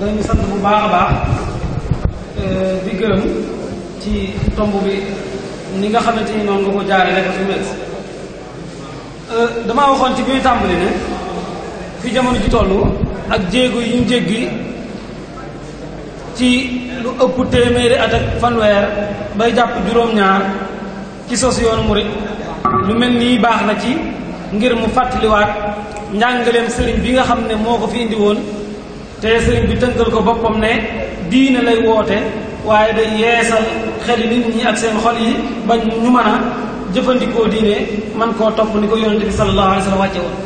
dañu sant bu baax a baax euh, di gërëm ci tomb bi ni nga xamante ni noonu nga ko jaare rek fi mel euh, damaa waxoon ci bi ñu tàmbali ne fi jamono ji toll ak jéego yi ñu jéggi ci lu ëpp téeméeri at ak fanweer bay jàpp juróom-ñaar ci sos yoonu murit lu mel nii baax na ci ngir mu fàttaliwaat njàngaleem sëriñ bi nga xam ne moo ko fi indi woon te sëriñ bi tënkal ko boppam ne diine lay woote waaye day yeesal xeli nit ñi ak seen xol yi ba ñu mën a jëfandikoo diine man koo topp ni ko yonente bi sallallahu alayhi wa sallam wàcce woon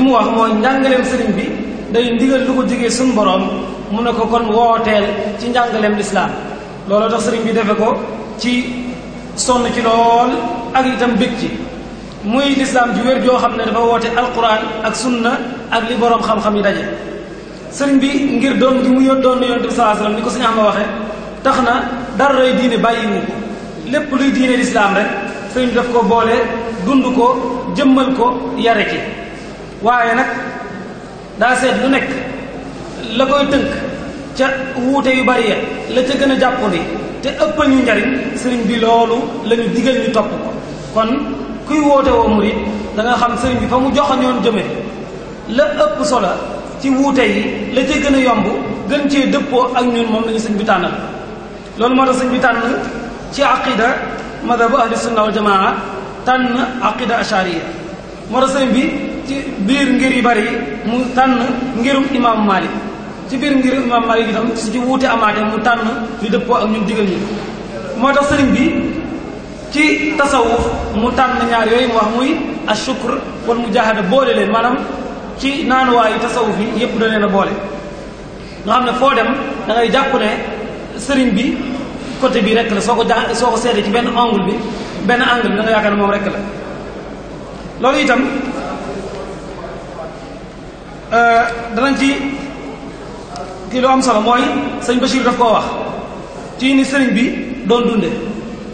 moo mu wax mooy njàngaleem sëriñ bi day ndigal ko jógee suñu boroom mu ne ko kon wooteel ci njàngaleem lislaam looloo tax sëriñ bi defe ko ci sonn ci lool ak itam bég ci muy lislaam ju joo xam ne dafa woote alquran ak sunna ak li boroom xam-xam yi daje sëriñ bi ngir doon gi mu yóon doon yonent bi sallallahu alayhi wasallam ni ko suñu am waxe tax na dara lay diine bàyyiwu ko lépp luy diine lislaam rek sëriñ bi daf ko boole dund ko jëmmal ko yare ci waaye nag daa seet lu nekk la koy tënk ca wuute yu bare ya la ca gën a jàppandi te ëppal ñu njariñ sëriñ bi loolu la ñu digal ñu topp ko kon kuy woote woo murit da nga xam sëriñ bi fa mu joxañoon jëme la ëpp solo ci wuute yi la ci gën a yomb gën ci dëppoo ak ñun moom la ñu sëñ bi tànnal loolu moo tax sëñ bi tànn ci aqida madhabu ahli sunna wal jamaa tànn aqida ashariya moo tax sëñ bi ci biir ngir yu bari mu tànn ngirum imaamu Malik ci biir ngirum imaamu Malik itam su ci wuute amaate mu tànn li dëppoo ak ñun digal ñi moo tax sëriñ bi ci tasawuf mu tànn ñaar yooyu mu wax muy ashukr wal mujahada boole leen maanaam ci naanuwaayu tasawuf bi yépp da leen a boole nga xam ne foo dem da jàpp ne sëriñ bi côté bi rek la soo ko jaa soo ko seetee ci benn angle bi benn angle bi da nga moom rek la loolu itam euh, dana ci kii lu am mooy sëñ Bachir daf koo wax ci ni sëriñ bi doon dunde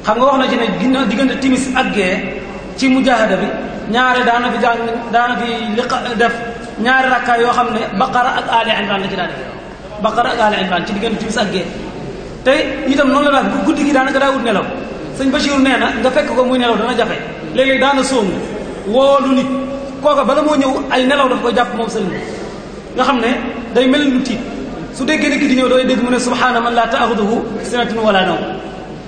xam nga wax na ci a ginna diggante timis ak gee ci mujaahada bi ñaare daana fi jàng daana fi liqa def ñaari rakka yoo xam ne baqara ak ali imran la ci daan def baqara ak ali imran ci diggante timis ak géej te itam noonu la daal bu guddi gi daanaka daa wut nelaw sëñ Bachir nee na nga ko muy nelaw dana jafe léeg-léeg daana sóomu woolu nit kooka bala moo ñëw ay nelaw dafa ko jàpp moom sëriñ nga xam ne day mel lu tiit su déggee nit ki di ñëw dooy dégg mu ne subhaana man laa taaxuduhu sinatun wala nawm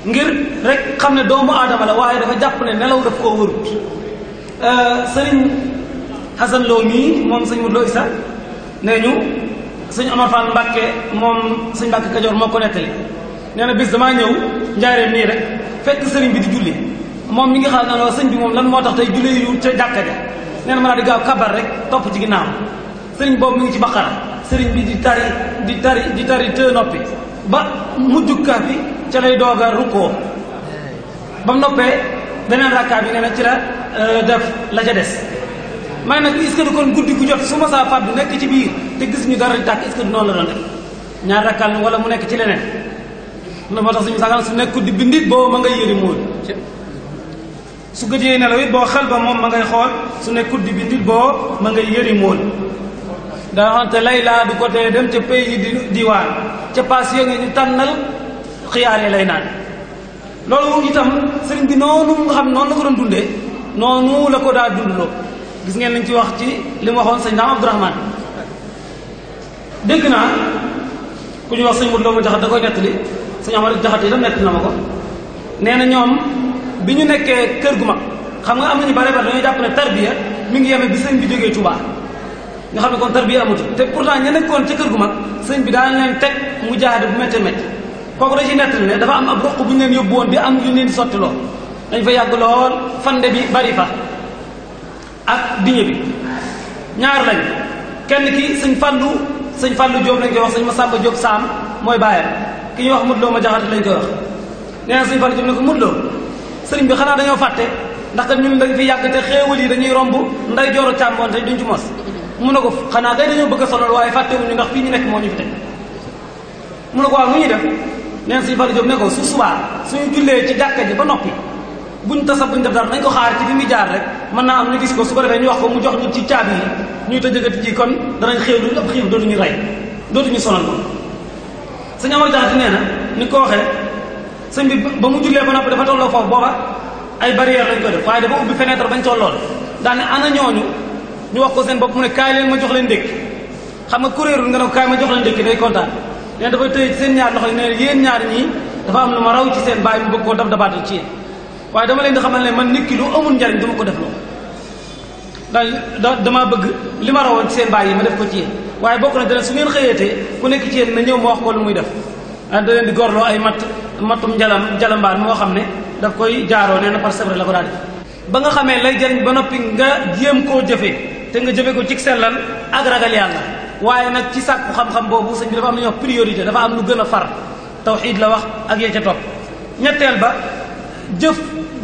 ngir rek xam ne doomu aadama la waaye dafa jàpp ne nelaw daf koo wërut euh, sëriñ Xasan Lo mii moom sëñ Modou Lo Issa nee ñu sëñ Omar Fall Mbàkke moom sëñ Mbàkke Kajoor moo ko nettali nee na bis damaa ñëw njaaree nii rek fekk sëriñ bi di julli moom mi ngi xam ne sëñ bi moom lan moo tax tey julli yu ca jàkka ja nee na ma gaaw kabar rek topp ci ginnaaw sëriñ boobu mu ngi ci baqara sëriñ bi di tari di tari di tari te noppi ba mujjukaat bi ca lay doog a rukkoo ba noppee beneen rakkaa bi nee na ci la euh, def la ca des man nag est-ce que du kon guddi gu jot su ma saa fàddu nekk ci biir te gis ñu dara tàkk est du noonu la doon def ñaar rakkaan wala mu nekk ci leneen na moo tax suñu saxal su nekkul di bindit boobu ma ngay yëri móol su gëjee nelaw it boo xel ba moom ma ngay xool su nekkul di bindit boo ma ngay yëri móol daa xamante lay laa du ko tee dem ca pays yi di diwaan ca paas yo ngi ñu tànnal xiyaaree lay naan loolu itam sëriñ bi noonu nga xam noonu la ko doon dundee noonu la ko daa dundloo gis ngeen nañ ci wax ci li mu waxoon sëñ daam Abdourahman dégg naa ku ñu wax sëñ Modou Lo mu jaxat da koy nettali sëñ Amar jaxat yi tam nett na ma ko nee na ñoom bi ñu nekkee kër gu mag xam nga am nañu bare bare dañuy jàpp ne tarbiya mi ngi yemee bi sëñ bi jógee Touba nga xam ne kon tarbiya amatu te pourtant ña nekkoon ci kër gu mag sëñ bi daa leen teg mu jaade bu méttee mett kooku da ci nettali ne dafa am ab roq bu ñu leen yóbbu woon bi am ñu leen sotti lool dañ fa yàgg lool fande bi bari fa ak diñe bi ñaar lañ kenn ki sëñ fàllu sëñ fàllu Jóob lañ koy wax sëñ Masamba Jóob saam mooy baayam ki ñu wax mudloo ma jaxate lañ koy wax nee na sëñ fàllu Jóob ne ko mudloo sëriñ bi xanaa dañoo fàtte ndax kat ñun dañ fi yàgg te xéewal yi dañuy romb nday jooro càmmoon te duñ ci mos mun ko xanaa kay dañoo bëgg a sonal waaye fàttewuñu ndax ñu nekk moo ñu fi mun na ko mu ñuy def nee na sëñ ne ko su subaa suñu jullee ci jàkka ji ba noppi bu buñ tasa buñ def dara nañ ko xaar ci fi muy jaar rek mën naa am ñu gis ko su ko defee ñu wax ko mu jox ñu ci caabi yi ñuy tëjëgati ji kon danañ xéew lu ëpp xiif dootuñu rey dootuñu sonal ko sëñ Amar Jaxate nee na ni ko waxee sëñ bi ba mu jullee ba noppi dafa tolloo foofu booba ay barrière lañ ko def waaye dafa ubbi fenêtre bañ tollool daane ana ñooñu ñu wax ko seen bopp mu ne kaay leen ma jox leen dëkk xam nga kuréerul nga ne kaay ma jox leen dëkk kontaan leen dafay tëye ci seen loxo yi ne ñaar ñii dafa am ma seen bàyyi mu koo dab dabaatu ci yéen waaye dama leen di xamal ne man nit ki lu amul njariñ dama ko def loolu da dama bëgg li ma rawoon seen bàyyi ma def ko ci yéen waaye bokk na dana su ngeen xëyeetee ku nekk ci yéen na ñëw ma wax ko lu muy def ah, da leen di gorloo ay matt mattum njalam jalambaan moo xam ne daf koy jaaroo nee na par sebre la ko daa def ba nga xamee lay jariñ ba noppi nga jéem koo jëfee te nga jëfe ko ci sellal ak ragal yàlla waaye nag ci sàkku xam-xam boobu sëñ bi dafa am dafa am lu gën a far tawxiid la wax ak yee ca topp ñetteel ba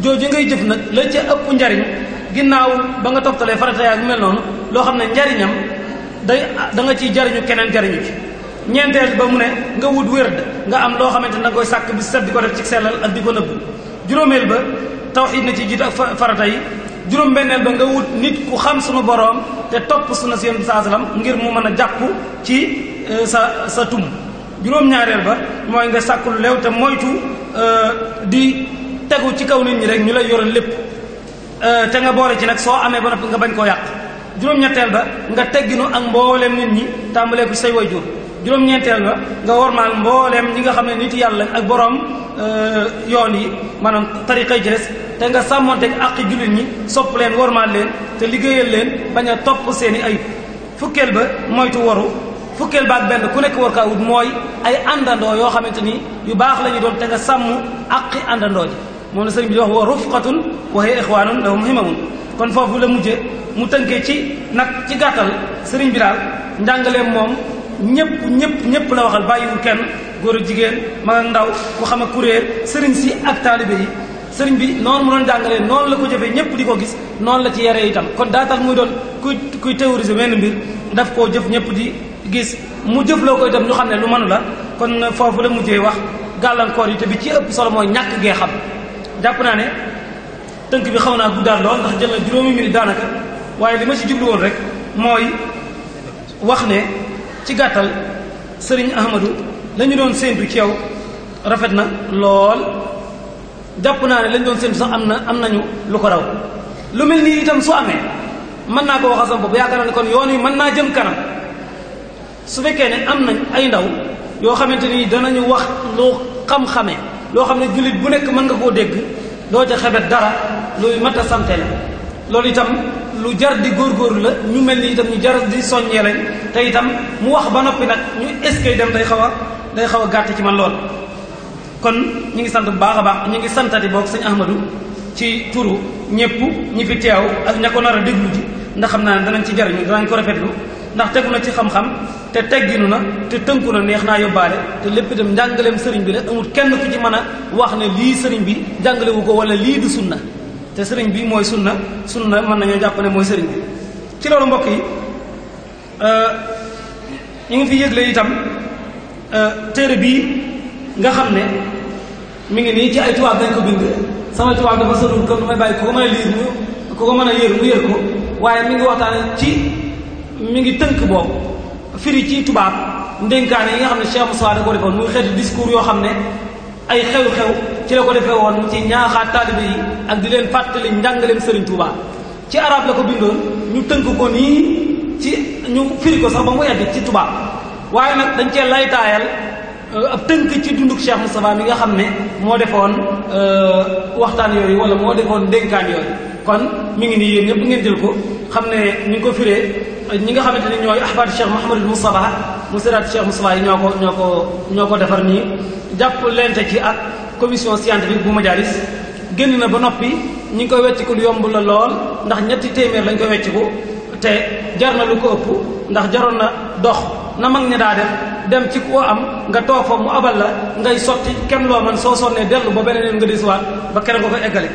jooju ngay jëf nag la ca ëpp njariñ ginnaaw ba nga toftalee farata yaa mel noonu loo xam ne njariñam day da nga ciy jariñu keneen jariñu ci ñeenteel ba mu ne nga wut wérd nga am loo xamante ne da nga koy sàkk bi set di ko def ci sellal ak di ko nëbb juróomeel ba tawxiid na ci jiit ak farata yi juróom benneel ba nga wut nit ku xam sunu boroom te topp sunu si yéen saa salaam ngir mu mën a jàpp ci euh, sa sa tum juróom ñaareel ba mooy nga sàkku leew te moytu euh, di tegu ci kaw nit ñi rek ñu lay yore lépp euh, te nga boole ci nag soo amee ba noppi nga bañ koo yàq juróom-ñetteel ba nga tegginu ak mbooleem nit ñi tàmbalee ko say waajur juróom-ñeenteel ba nga wormaal mbooleem ñi nga xam ne nit yàlla ak borom euh, yoon yi maanaam tariqa yi ci des te nga sàmmoon sàmmonteeg àqi jullit ñi sopp leen wormaal leen te liggéeyal leen bañ a topp seen i ayib fukkeel ba moytu waru fukkeel ba ak benn ku nekk war kaa wut mooy ay àndandoo yoo xamante ni yu baax la ñu doon te nga sàmm àqi àndandoo ji moom na sëriñ bi di wax wa rufqatun wa hiya ixwaanun lahum himamun kon foofu la mujje mu tënkee ci nag ci gàttal sëriñ bi daal njàngaleem moom ñëpp ñëpp ñëpp la waxal bàyyiwul kenn góor a jigéen mag ak ndaw ku xam ak kuréel sëriñ si ak taalibe yi sëriñ bi noonu mu doon jàngalee noonu la ko jëfee ñëpp di ko gis noonu la ci yare itam kon daa tax muy doon kuy kuy théoriser benn mbir daf koo jëf ñëpp di gis mu jëf loo koy dem ñu xam ne lu mënu la kon foofu la mujjee wax gàllankoor yi bi ci solo mooy ñàkk gee xam jàpp naa ne tënk bi xaw naa guddaan lool ndax jël na juróomi minute daanaka waaye li ma si jublu woon rek mooy wax ne ci gàttal sëriñ Ahmadou la doon séentu ci rafet na lool jàpp naa ne lañ doon séentu sax am na am nañu lu ko raw lu mel nii itam su amee mën naa ko waxal sama bopp yaakaar naa ne kon yoon yi mën naa jëm kanam su fekkee ne am nañ ay ndaw yoo xamante nii danañu wax lu xam-xamee loo xam ne jullit bu nekk mën nga koo dégg doo ca xebet dara luy mat a sante la loolu itam lu jar di góor góorgóorlu la ñu mel ni itam ñu jar di soññee lañ te itam mu wax ba noppi nag ñu eskay dem day xaw a day xaw a gàtt ci man lool kon ñu ngi sant bu baax a baax ñu ngi santati boog sëñ Ahmadou ci turu ñëpp ñi fi teew ak ña ko nar a déglu ji ndax xam naa ne danañ ci jariñu danañ ko lu ndax tegu na ci xam-xam te tegginu na te tënku na neex naa yóbbaale te lépp itam njàngaleem sëriñ bi de amul kenn ku ci man a wax ne lii sëriñ bi jàngalewu ko wala lii du sunna te sëriñ bi mooy sunna sunna mën nañoo jàpp ne mooy sëriñ bi ci loolu mbokk yi euh, ñu ngi fi yëgle itam euh, téere bii nga xam ne mi ngi nii ci ay tubaab dañ ko bind sama tubaab dafa sënul comme du bàyyi ku ko mën a liir mu ku ko mën a yër mu yër ko waaye mi ngi waxtaane ci mi ngi tënk boobu firi ci tubaab ndénkaane yi nga xam ne Cheikh Moussa da ko defoon muy xeeti discours yoo xam ne ay xew-xew ci la ko defee woon ci ñaaxaat taalibe yi ak di leen fàttali njàngaleem Serigne Touba ci arab la ko bindoon ñu tënk ko nii ci ñu firi ko sax ba mu egg ci tubaab waaye nag dañ cee laytaayal euh, ab tënk ci dunduk Cheikh Moustapha mi nga xam ne moo defoon euh, waxtaan yooyu wala moo defoon ndénkaan yooyu kon mu ngi nii yéen ñëpp ngeen jël ko xam ne ñu ngi ko firee ñi nga xamante ne ñooy ahbaat Cheikh Mouhamadul Moustapha mu siraat Cheikh Moustapha yi ñoo ko ñoo ko ñoo ko defar nii jàpp lente ci ak commission scientifique bu majalis génn na ba noppi ñi ngi koy wecc ko lu yomb la lool ndax ñetti téeméer lañ koy wecc te jar na lu ko ëpp ndax jaroon na dox na mag ñi daa def dem ci koo am nga toog fa mu abal la ngay sotti kem man soo sonnee dellu ba beneen yoon nga disuwaat ba keneen nga ko eggale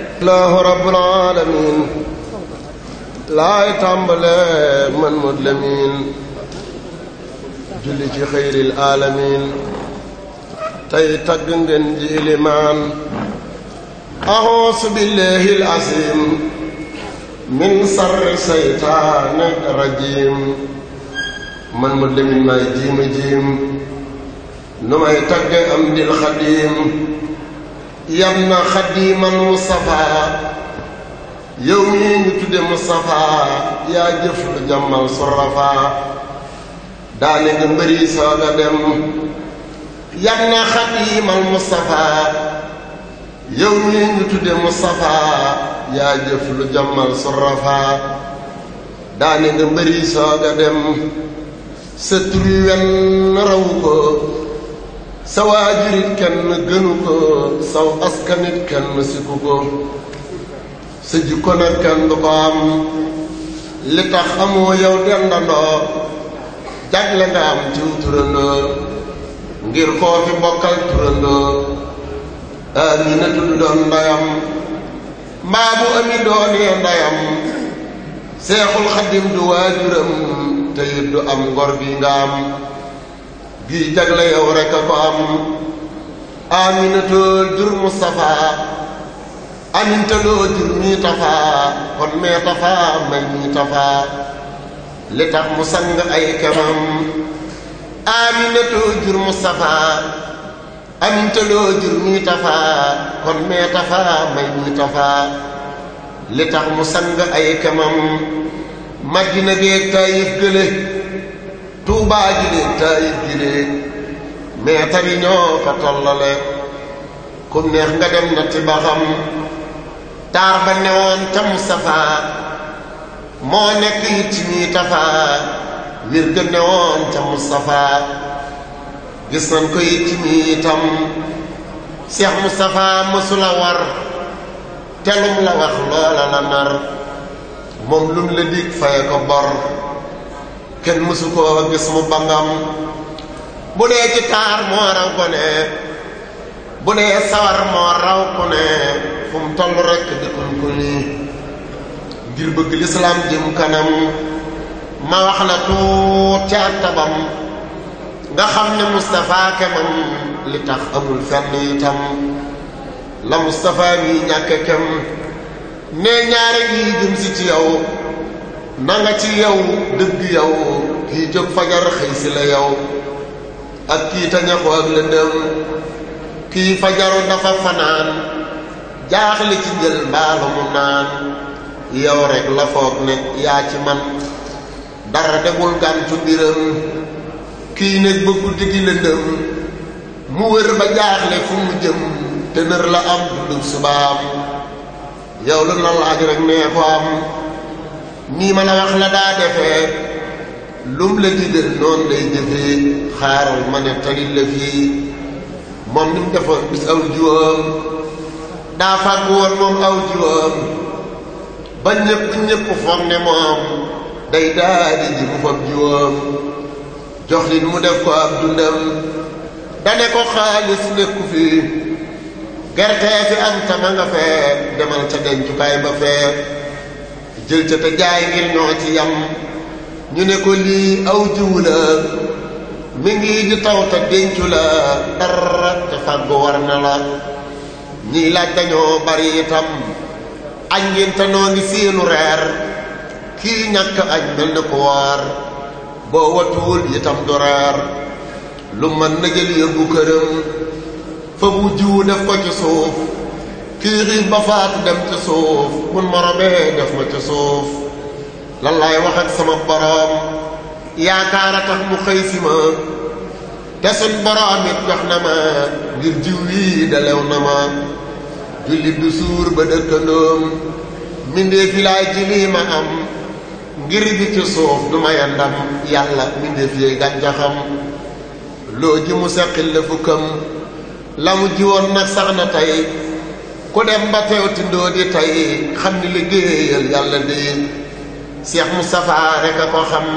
laay tàmbale man mudlamin julli ci xayril alamin tey tagg ngeen ji ilimaan axuusu billahi al min sarri saytaani rajim man ma demin maay jiima jiim nu may tagge am dil xadiim yam na xadiiman Mustafa yow mii ñu tudde Mustafa yaa jëf lu jàmmal surafa daane mii ñu tudde Mustafa yaa jëf lu jàmmal surafa daane nga mbëri sooga dem sa tur wenn rawu sa waajurit kenn gënu ko saw kenn siku sa jikko kenn du am li tax amoo yow dendandoo jagle am ciw ngir koo fi turandoo amina tudd doon ndayam mbaa bu ami doonee ndayam seexul xadim du waajuram te it du am ngor bi kon mee tafa may mii tafa mu li tax mu sang ay kemam Madina géeg Taayif gële Tuubaa ji léeg Taayif gi léeg ñoo fa tollale ku neex nga dem na ba xam taar ba newoon ca Mustafa moo nekk it ci ñuy tafa wir ga newoon ca Mustafa gis nañ ko it ci ñuy itam Cheikh mësula war telum la wax loola la nar moom lu mu la dig faye ko bor kenn mësu koo gis mu bangam bu dee ci taar moo raw ko ne bu dee sawar moo raw ko ne fu mu toll di kun ko nii ngir bëgg lislaam jëm kanam ma wax la tuut ca tabam nga xam ne Moustapha kemam li tax amul fenn itam la Moustapha bi ñàkk kem ne ñaare yi jëm ci yow na ci yow dëgg yow kii jóg fajar xëy si la yow ak kii tañaxu ak lëndëm kii fajaru dafa fanaan jaaxle ci jël mbaalu mu naan yow rek la foog ne yaa ci man dara degul gan ci kii nekk ba guddi gi lëndëm mu wër ba jaaxle fu mu jëm te la am dundug subaam yow lu na laaj rek nee ko am nii mën a wax la daa defee lum la digal noonu lay jëfee xaaral ma ne tali la fii moom ni mu bis aw jiwam daa fàgg woon moom aw jiwam ba ñëpp ñëpp foog ne moom day daa ji mu fab jiwam jox mu def ko ab dundam dane ko xaalis nekku fii gertee fi ak tama nga fee demal ca dencukaay ba fee jël ca te jaay ngir ñoo ci yam ñu ne ko lii aw jiwu la mi ngi di taw te dencu la dara te fàggu war na laaj dañoo bari itam añ ngeen te noo ngi seenu reer kii ñàkk añ mel na ko waar boo watuwul itam du reer lu mën na jël yóbbu këram fa bu jiwu def ko ci suuf kii xiif ba faatu dem ci suuf mun ma robee def ma ci suuf lan laay wax ak sama boroom yaakaar a tax mu xëy si ma te suñ boroom it jox na ma ngir jiw yi dalew na ma jullit du suur ba dëkkandoom mindee fi laay ci ma am ngir gi ci suuf du maya ndam yàlla mindee fi gàncaxam loo ji mu seqil la fukkam la mu jiwoon nag sax na tey ku dem ba teew tindoo di tey xam ni liggéeyal yàlla di Cheikh Moustapha rek a ko xam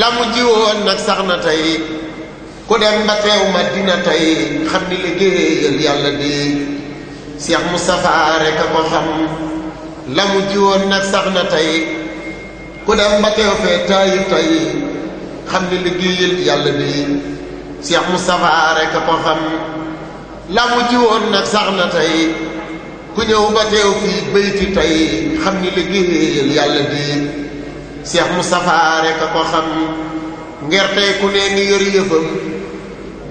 la mu jiwoon nag sax na tey ku dem ba teew Madina tey xam ni liggéeyal yàlla di Cheikh Moustapha rek a ko xam la mu jiwoon nag sax na tey ku dem ba teew fee taayu tey xam ni liggéeyal yàlla di Cheikh Moustapha rek a ko xam la mu ji woon nag sax na tey ku ñëw ba teew fii béyti tey xam ni liggéeyal yàlla di Cheikh Moustapha rek a ko xam nger ku nee ngi yor yëfam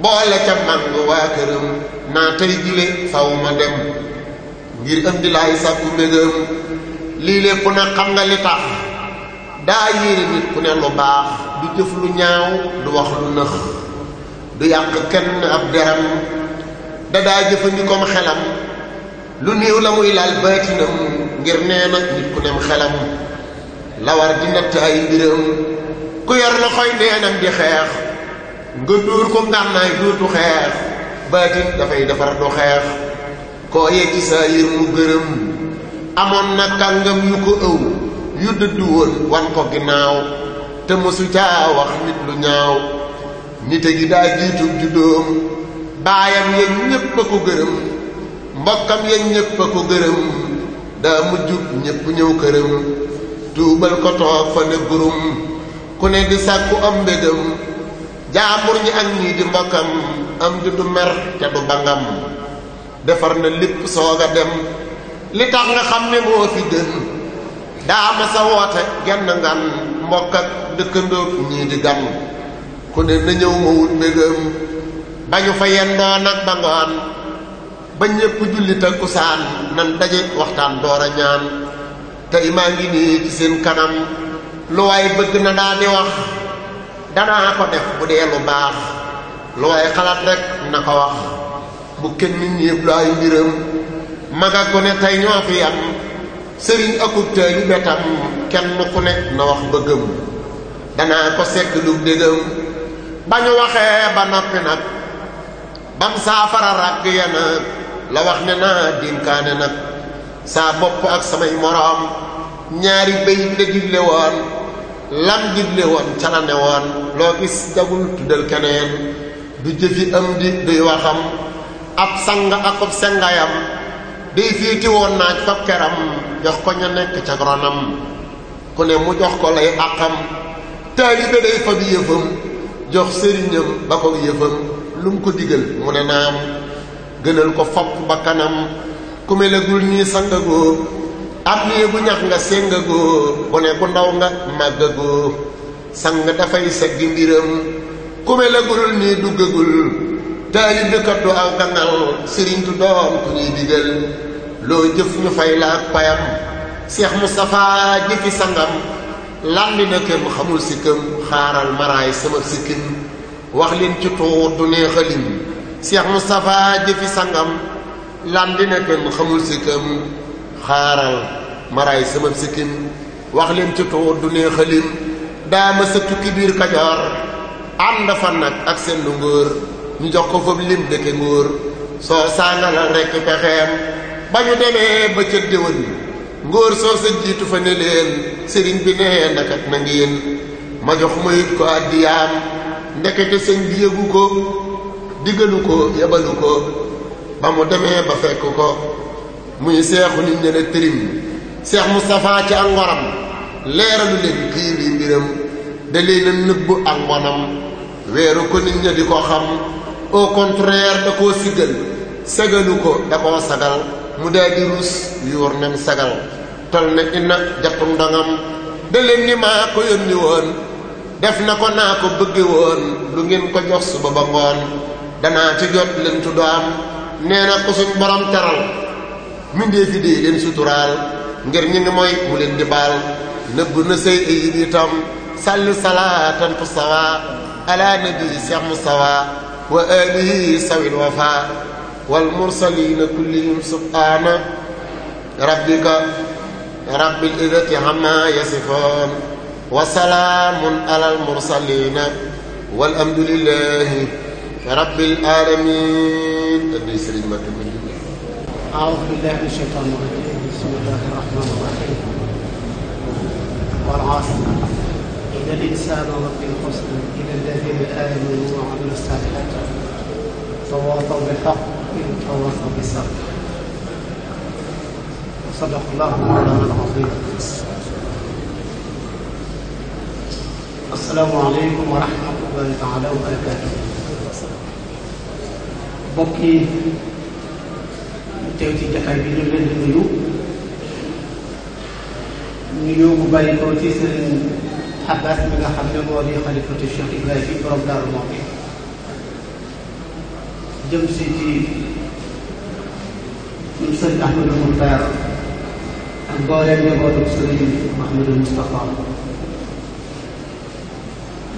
boole ca màng waa këram naa tey jile ma dem ngir am di laay sàkku mbégam lii lépp na xam nga li tax daa yéere nit ku ne lu baax du jëf lu ñaaw du wax lu nëx du yàq kenn ab deram dadaa jëfandikoom xelam lu néew la muy laal baatinam ngir nee na nit ku nem xelam la di natt ay mbiram ku yor la xoy neenam di xeex nga dóor ko ngànnaay dootu xeex baatin dafay defar du xeex koo yee saa yër mu gërëm amoon na kàngam yu ko ëw yu dëddu woon wan ko ginnaaw te mësu caa wax nit lu ñaaw nite gi daa jiitu juddoom baayam ya ñépp a ko gërëm mbokkam ya ñépp a ko gërëm daa mujjub ñépp ñëw këram tuubal ko toog fa ne gurum ku ne di sàkku am mbégam jaambur ñi ak ñii di mbokkam am di du mer te du bangam defar na lépp soog dem li tax nga xam ne moo fi gën daa ma woote genn ngan mbokk ak dëkkandoog ñii di gan ku ne na ñëw mbégam dañu fa yendoo nag ba ngoon ba ñëpp julli takkusaan nan daje waxtaan door a ñaan te maa ngi nii ci seen kanam lu waay bëgg na daa wax danaa ko def bu dee lu baax lu waay xalaat rek na ko wax bu kenn nit ñi yëpp lu ay mbiram mag ak ne tey ñoo fi am sëriñ akub tey betam kenn ku nekk na wax bëggam danaa ko sekk lu dégam ba ñu waxee ba noppi nag bam saafara ràgg ya na la wax ne naa dénkaane nag saa bopp ak samay moroom ñaari béy la digle woon lam digle woon ca la ne woon loo gis jagul tuddal keneen du jëfi am duy waxam ab sang akub sengayam day fiiti woon naaj fab jox ko ña nekk ca ronam ku ne mu jox ko lay àqam taalibe day fab yëfam jox sëriñam ba ko yëfam lu mu ko digal mu ne naam gënal ko fopp ba kanam ku melagul nii sangagoo ab nii bu ñax nga séngagoo bu bu ndaw nga màggagoo sang dafay seggi mbiram ku melagul nii duggagul taalib dëkkat du aw kangal sëriñ du doom ku ñuy digal loo jëf ñu fay la ak payam Cheikh Moustapha jëfi sangam landi na këm xamul sikkam xaaral maraay sama sikkim wax leen ci tuut du nee xalim Cheikh Moustapha jëfi sangam lan dina kenn xamul sikkam xaaral maraay sama sikkim wax leen ci tuut du nee xalim daa ma sa tukki biir Kajoor ànd fa nag ak seen lu ngóor ñu jox ko foofu lim dëkke ngóor soo saangalal rekk pexeem ba ñu demee ba cët déwén ngóor soo sa jiitu fa ne leen sëriñ bi nee nakat na ma jox ma it ko addiyaam ndekete sëñ bi yëgu ko diggalu ko yebalu ko ba mu demee ba fekk ko muy seexu nit ñe ne tërim seex Moustapha ci ak ngoram leeralu leen kii bi mbiram da leen a nëbb ak mbonam weeru ko nit ña di ko xam au contraire da koo siggal sagalu ko da koo sagal mu daal di yuur nem sagal tol ne ina jattum dangam da ni maa ko yónni woon def na ko naa ko bëgge woon lu ngeen ko jox suba ba ngoon danaa ci jot leen tudd am nee na ko suñ borom teral mindee fi dee ngir ñi ngi mooy mu leen di baal nëbb na sëy ayib itam salli salaatan tu sawa ala nabi cheikh mustawa wa alihi sawil wafa wal mursalina kullihim subhana rabbika rabbil izzati amma yasifun wa salaamun alal mursaliina walhamdulillaahi rabbil aalamiin addi sëriñ ma tëgg أعوذ بالله من الشيطان الرجيم بسم الله الرحمن الرحيم والعصر إن الإنسان لفي خسر إلا الذين آمنوا وعملوا الصالحات تواصوا بالحق وتواصوا بالصبر صدق الله العظيم asalaamaaleykum wa rahmatullahi taala wa barakaatu mbokk yi ñu teew ci jataay bi ñu leen di nuyu nuyoo bu bàyyi ko ci sëriñ Abbas mi nga xam ne moo di xalifatu Cheikh Ibrahima borom Daaru Muxti jëm si ci ñun sëriñ Ahmadou Moukhtar ak mbooleem njabootu sëriñ Ahmadou Moustapha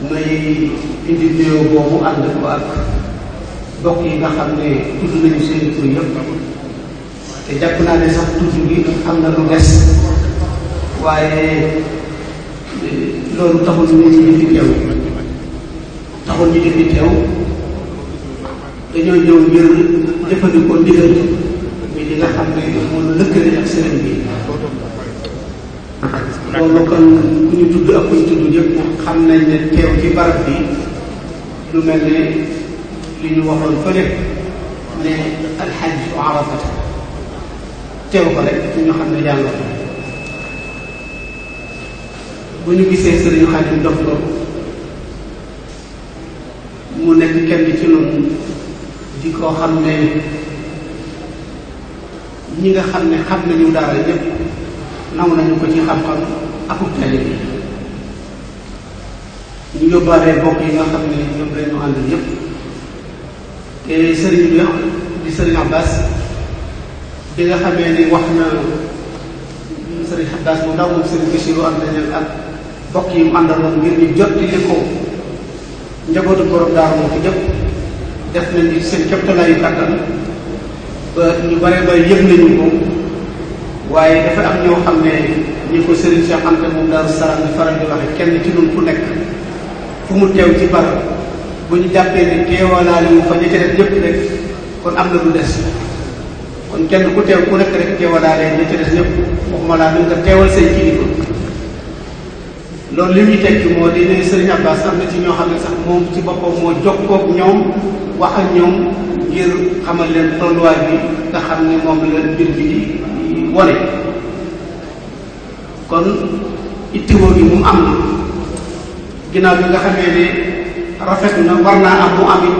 may indi néew boobu ànd ko ak bokk yi nga xam ne tudd nañu seen tur yëpp te jàpp naa ne sax tudd gi am na lu des waaye loolu taxul ñu ci ñu fi teew taxul ñu fi teew dañoo ñëw ngir jëfandikoo ndigal mi li nga xam ne moom lëkkale ak sëriñ bi loolu kon ku ñu tudd ak ku tudd ñëpp xam nañ ne teew ci barab bi lu mel ne li ñu waxoon fële ne alxaj u arafat teew ko rek ñu xam ne jàll ko bu ñu gisee sëriñ Xaadim dox loolu mu nekk kenn ci loolu di koo xam ne ñi nga xam ne xam nañu dara ñëpp nangu nañu ko ci xam-xam akub tali bi ñu yóbbaale bokk yi nga xam ne ñoom la ñu àndal yépp te sëriñ bi di sëriñ Abbas nga xamee ni wax na sëriñ Abbas mu ndaw moom sëriñ Bachir am nañu ak bokk yi mu àndaloon ngir ñu jot li ko njabootu borom daaru moo ko jëpp def nañu seen kéemtalaay yu kàttan ba ñu bare ba yëg nañu ko. waaye dafa am ñoo xam ne ñi ko Serigne Cheikh Anta moom Daaru Salaam di faral di kenn ci nun ku nekk fu mu teew ci barab bu ñu jàppee ne teewalaale mu fa ñetti def ñëpp rek kon am na lu des kon ku teew ku nekk rek teewalaale ñetti des moo di ne Serigne Abbas am na ci ñoo xam ne sax moom ci boppam moo jokkoog ñoom wax ak ñoom ngir xamal leen tolluwaay bi nga xam ne moom la mbir bi di wone kon ittiwoo gi mu am na ginnaaw bi nga xamee ni rafet na war naa am mu amit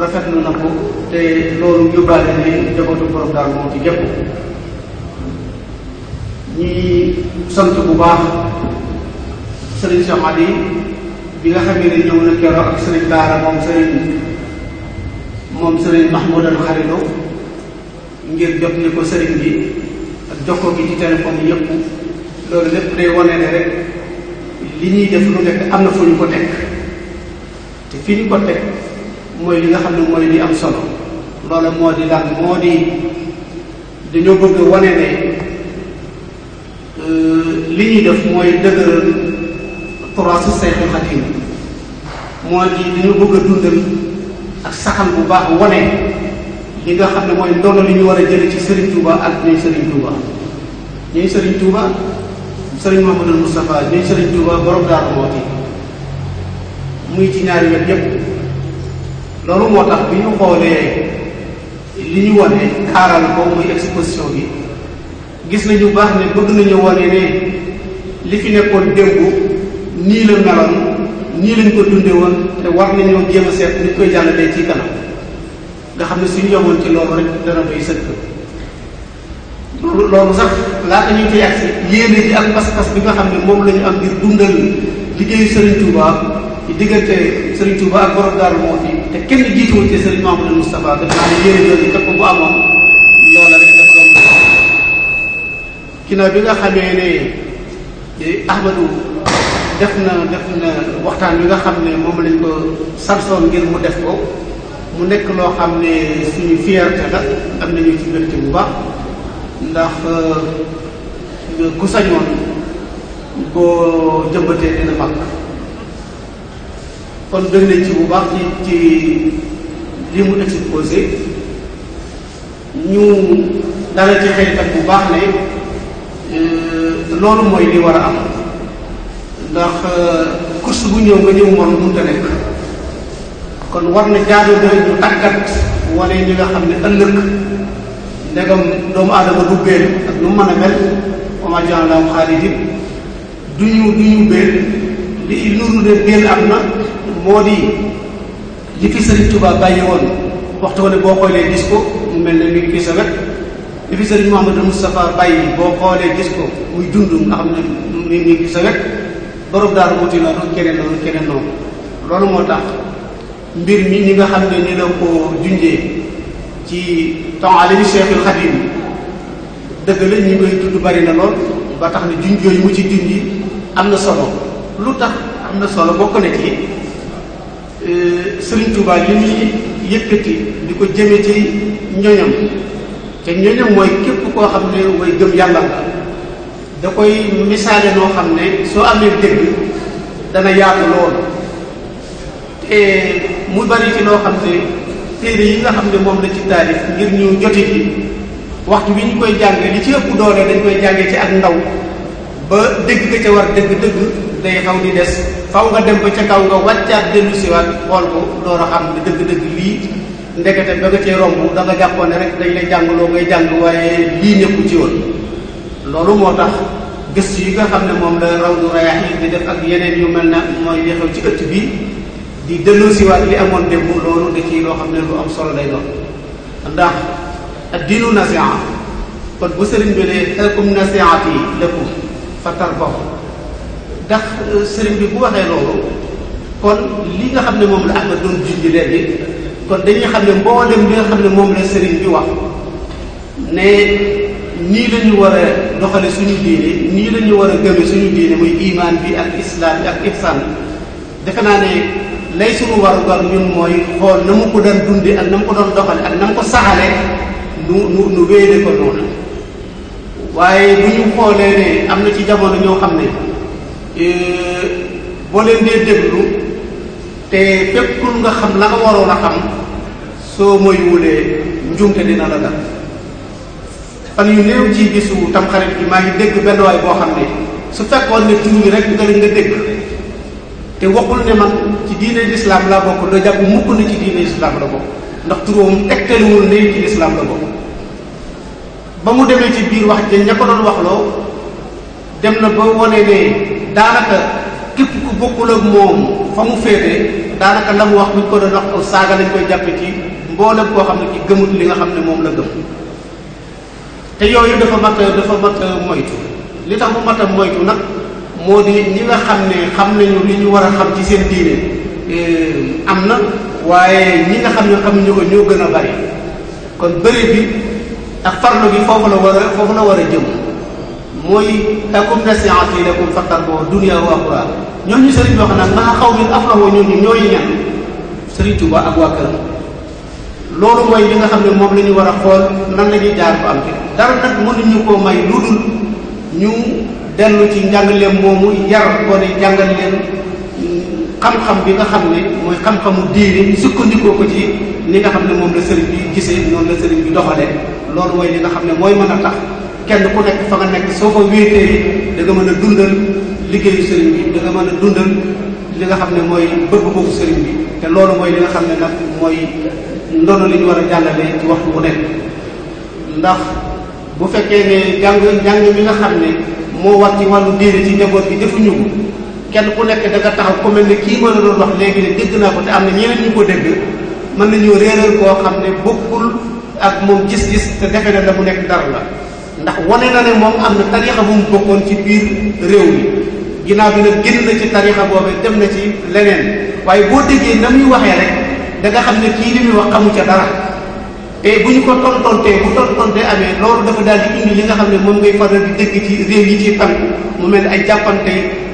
rafet na na ko te loolu yóbbaale ne jabootu borom daal moo ci jëpp ñi sant bu bi nga xamee ne ñëw na keroog ak sëriñ Daara moom sëriñ moom sëriñ Mahmoud al Xarilo ngir jot ni ko sëriñ bi jokkoo gi ci téléphone yëpp loolu lépp day wane ne rek li ñuy def lu nekk am na fu ñu ko teg te fi ñu ko teg mooy li nga xam ne mooy li am solo loolu moo di lan moo di dañoo bëgg wane ne euh, li def mooy dëgëral trois su saytu xatim moo bu baax wane li nga xam ne mooy ndono li ñu war a jële ci Serigne Touba ak ñooy Serigne Touba. ñooy Serigne Touba Serigne Mamadou Moustapha ñooy Serigne Touba borom Daaru Muxti muy ci ñaari wet yépp loolu moo tax bi ñu xoolee li ñu wane xaaral ko muy exposition bi gis nañu baax ne bëgg nañu wane ne li fi nekkoon démb nii la meloon nii lañ ko dunde woon te war nañoo jéem a seet ni koy jàllalee ci kanam nga xam ne suñ yomoon ci loolu rek dana doy sëkk loolu sax laa ñu ci yàgg si yéene ji ak pas-pas bi nga xam ne moom la am ngir dundal liggéeyu Serigne Touba ci diggante Serigne Touba ak borom daaru moo fi te kenn jiituwul ci Serigne Mamadou Moustapha dafa naa ne amoon loola rek dafa doon bi nga xamee ne Ahmadou def na def na waxtaan bi nga xam ne moom lañ ko sarsoon ngir mu def ko mu nekk loo xam ne suñu fierté la am nañu ci gërëm bu baax. ndax euh, ku sañoon boo jëmbatee dina mag kon gën na ci bu baax ci ci li mu ci exposé ñu dara ci xel kat bu baax ne euh, loolu mooy li war a am ndax euh, course bu ñëw nga ñëw moom mënut a nekk kon war na jaadu dara ñu tàggat wane ñi nga xam ne ëllëg ndegam doomu aadama bu béel ak nu mën a mel ama jon lam xaalidin du ñu du ñu béel li nuru de béel am na moo di li fi Sëriñ bàyyi woon waxtu ko ne boo xoolee gis ko mu mel ne mi ngi fi sa wet li fi boo xoolee gis ko muy dund nga xam ne mi ngi fi sa wet borom daal wuti noonu keneen noonu keneen noonu loolu moo tax mbir mi ñi nga xam ne ni la ko junjee ci temps alayhi Cheikhul Xadim dëgg la ñu koy tudd bari na lool ba tax na junj yooyu mu ci junj am na solo lu tax am na solo bokk na ci euh, Serigne Touba li muy yëkkati di ko jëme ci ñoñam te ñoñam mooy képp koo xam ne way gëm yàlla la da koy misaale noo xam ne soo amee dëgg dana yaatu lool te mu bari ci loo xam ne. téere yi nga xam ne moom la ci taalif ngir ñu joti yi waxtu bi ñu koy jàngee li ci ëpp doole dañ koy jàngee ci ak ndaw ba dëgg nga ca war dëgg-dëgg day xaw di des faw nga dem ba ca kaw nga wàccaat dellu siwaat xool ko door a xam ne dëgg-dëgg lii ndekete ba nga cee romb da nga jàppoon rek dañ lay jàngloo ngay jàng waaye lii nekku ci woon loolu moo tax gëstu yi nga xam ne moom la raw du rayax yi di def ak yeneen yu mel na mooy li xew ci ëtt bi di delloosiwaat li amoon démb loolu da ciy loo xam ne lu am solo lay doon ndax addiinu nasiha kon bu sëriñ bi ne akum nasihaati lakum fa tarbahu ndax euh, sëriñ bi bu waxee loolu kon li nga xam ne moom la Ahmad doon junj léegi kon dañuy xam ne mboolem li nga xam ne moom la sëriñ bi wax ne. nii la ñu war a doxale suñu diine nii la ñu war a gëme suñu diine muy imaan bi ak islaam ak ihsaan defe naa ne lay sunu warugar ñun mooy xool na mu ko doon dundi ak na mu ko doon doxale ak na mu ko saxale nu nu nu wéyale ko noonu waaye bu ñu xoolee ne am na ci jamono ñoo xam ne e, boo leen dee déglu te fépp nga xam la nga waroon a xam soo moywulee njumte dina la dal fan yu néew ci bisu tamxarit bi maa ngi dégg benn waay boo xam ne su fekkoon ne tur bi rek nga nga te waxul ne man ci diine lislaam laa bokk doo jàpp mukk na ci diine lislaam la bokk ndax turóom tegtaluwul ne ci lislaam la bokk ba mu demee ci biir wax ja ña ko doon waxloo dem na ba wane ne daanaka képp ku bokkul ak moom fa mu féete daanaka la mu wax buñ ko doon wax ko saaga lañ koy jàppe ci mboolem koo xam ne ci gëmut li nga xam ne moom la gëm te yooyu dafa mat dafa mat moytu li tax mu mat moytu nag moo di ñi nga xam ne xam nañu li ñu war a xam ci seen diine eh, am na waaye ñi nga xam ne xamuñu ko ñoo gën a bari kon bëri bi ak farlu bi foofu la war a foofu la war a jëm mooy takum nasihat yi lakum fatarbo dunia wa axira ñooñu sëriñ bi wax naan xaw min afrahu ñooñu ñooy ñan sëriñ Tuuba ak waa këram loolu mooy li nga xam ne moom la ñu war a xool nan la ñuy jaar ko am ci dara nag mënuñu koo may lu dul ñu dellu ci njàngaleem moomu yar ko ne jàngal leen xam-xam bi nga xam ne mooy xam-xamu diine ñu sukkandikoo ko ci li nga xam ne moom la sëriñ bi gisee noonu la sëriñ bi doxalee loolu mooy li nga xam ne mooy mën a tax kenn ku nekk fa nga nekk soo ko wéetee da nga mën a dundal liggéeyu sëriñ bi da mën a dundal li nga xam ne mooy bëgg-bëggu sëriñ bi te loolu mooy li nga xam ne nag mooy ndono li ñu war a jàllale ci wax waxtu bu nekk ndax bu fekkee ne jàng jàng mi nga xam ne moo war ci wàllu diine ci njaboot gi defuñu kenn ku nekk da nga taxaw ku mel ne kii ma la doon wax léegi ne dégg naa ko te am na ñeneen ñu ko dégg mën nañu réeral koo xam ne bokkul ak moom gis-gis te defe na la mu nekk dara la ndax wane na ne moom am na tarixa bu mu bokkoon ci biir réew mi ginaar bi nag génn na ci tarixa boobu dem na ci leneen waaye boo déggee na muy waxee rek da nga xam ne kii li muy wax xamu ca dara te bu ñu ko tontontee bu tontontee amee loolu dafa daal indi li nga xam ne moom ngay faral di dégg ci réew yi ci tànk mu mel ne ay jàppante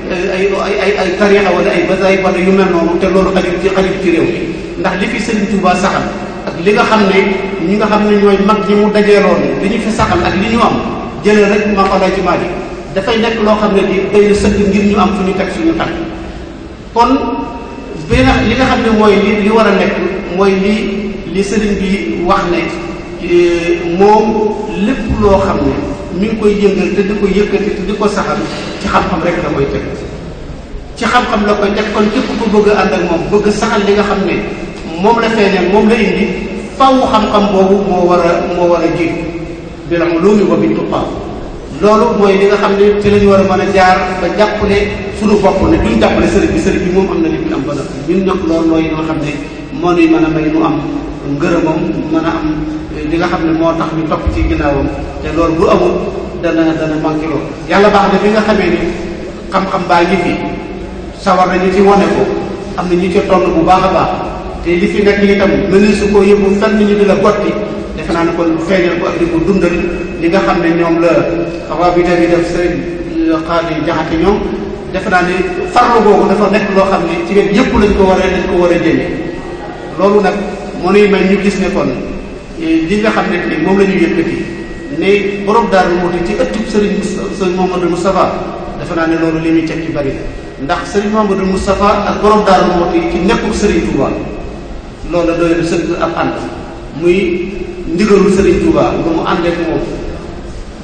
ay ay ay tarixa wala ay basaay wala yu mel noonu te loolu xajul ci xajul ci réew mi ndax li fi Sëriñ Tuubaa saxal ak li nga xam ne ñi nga xam ne ñooy mag ñi mu dajeeloon li ñu fi saxal ak li ñu am jëlee rek ma xolay ci maali dafay nekk loo xam ne di day na sëkk ngir ñu am fu ñu teg suñu tànk kon benn li nga xam ne mooy li li war a nekk mooy li sëriñ bi wax ne eh, moom lépp loo xam ne mi ngi koy jëngal te di ko yëkkati te di ko saxal ci xam-xam rek la koy teg ci xam-xam la koy teg kon képp ku bëgg a ànd ak moom bëgg saxal li nga xam ne moom la feeñal moom la indi faw xam-xam boobu moo war a moo war a jiit bi la mu loomi loolu mooy li nga xam ne ci lañu war a mën a jaar ba jàpp ne suñu bopp ne duñ jàppale sëriñ bi sëriñ bi moom am na li mu am ba noppi ñun nag loolu mooy nga xam ne moo nuy mën a may mu am ngërëmam mën a am li nga xam ne moo tax ñu topp ci ginnaawam te lool bu amul dana dana manqué loolu yàlla baax ne bi nga xamee ni xam-xam baa ngi fi sawar nañu ci wane ko am na ñu ci toll bu baax a baax te li fi nekk itam mëni su ko yëbu fenn ñu di la gotti defe naa ne kon feeñal ko ak di ko li nga xam ne ñoom la rawatina bi def sëriñ euh, xaadi jaxate ñoom defe naa ne la boobu dafa nekk loo xam ne ci wet yëpp lañ ko war a lañ ko war a jëlee loolu nag moo nuy may ñu gis ne kon eh, li nga xam ne ni moom la ñu yëkkati ne borom moo Muxti ci ëttub Serigne Serigne Mouhamadou Moustapha dafa naa ne loolu li muy teg ci bari ndax Serigne Mouhamadou Moustapha ak borom Daaru Muxti ci nekkul Serigne Touba loolu la doy sëriñ ab ànd muy ndigalu Serigne Touba lu mu àndeek moom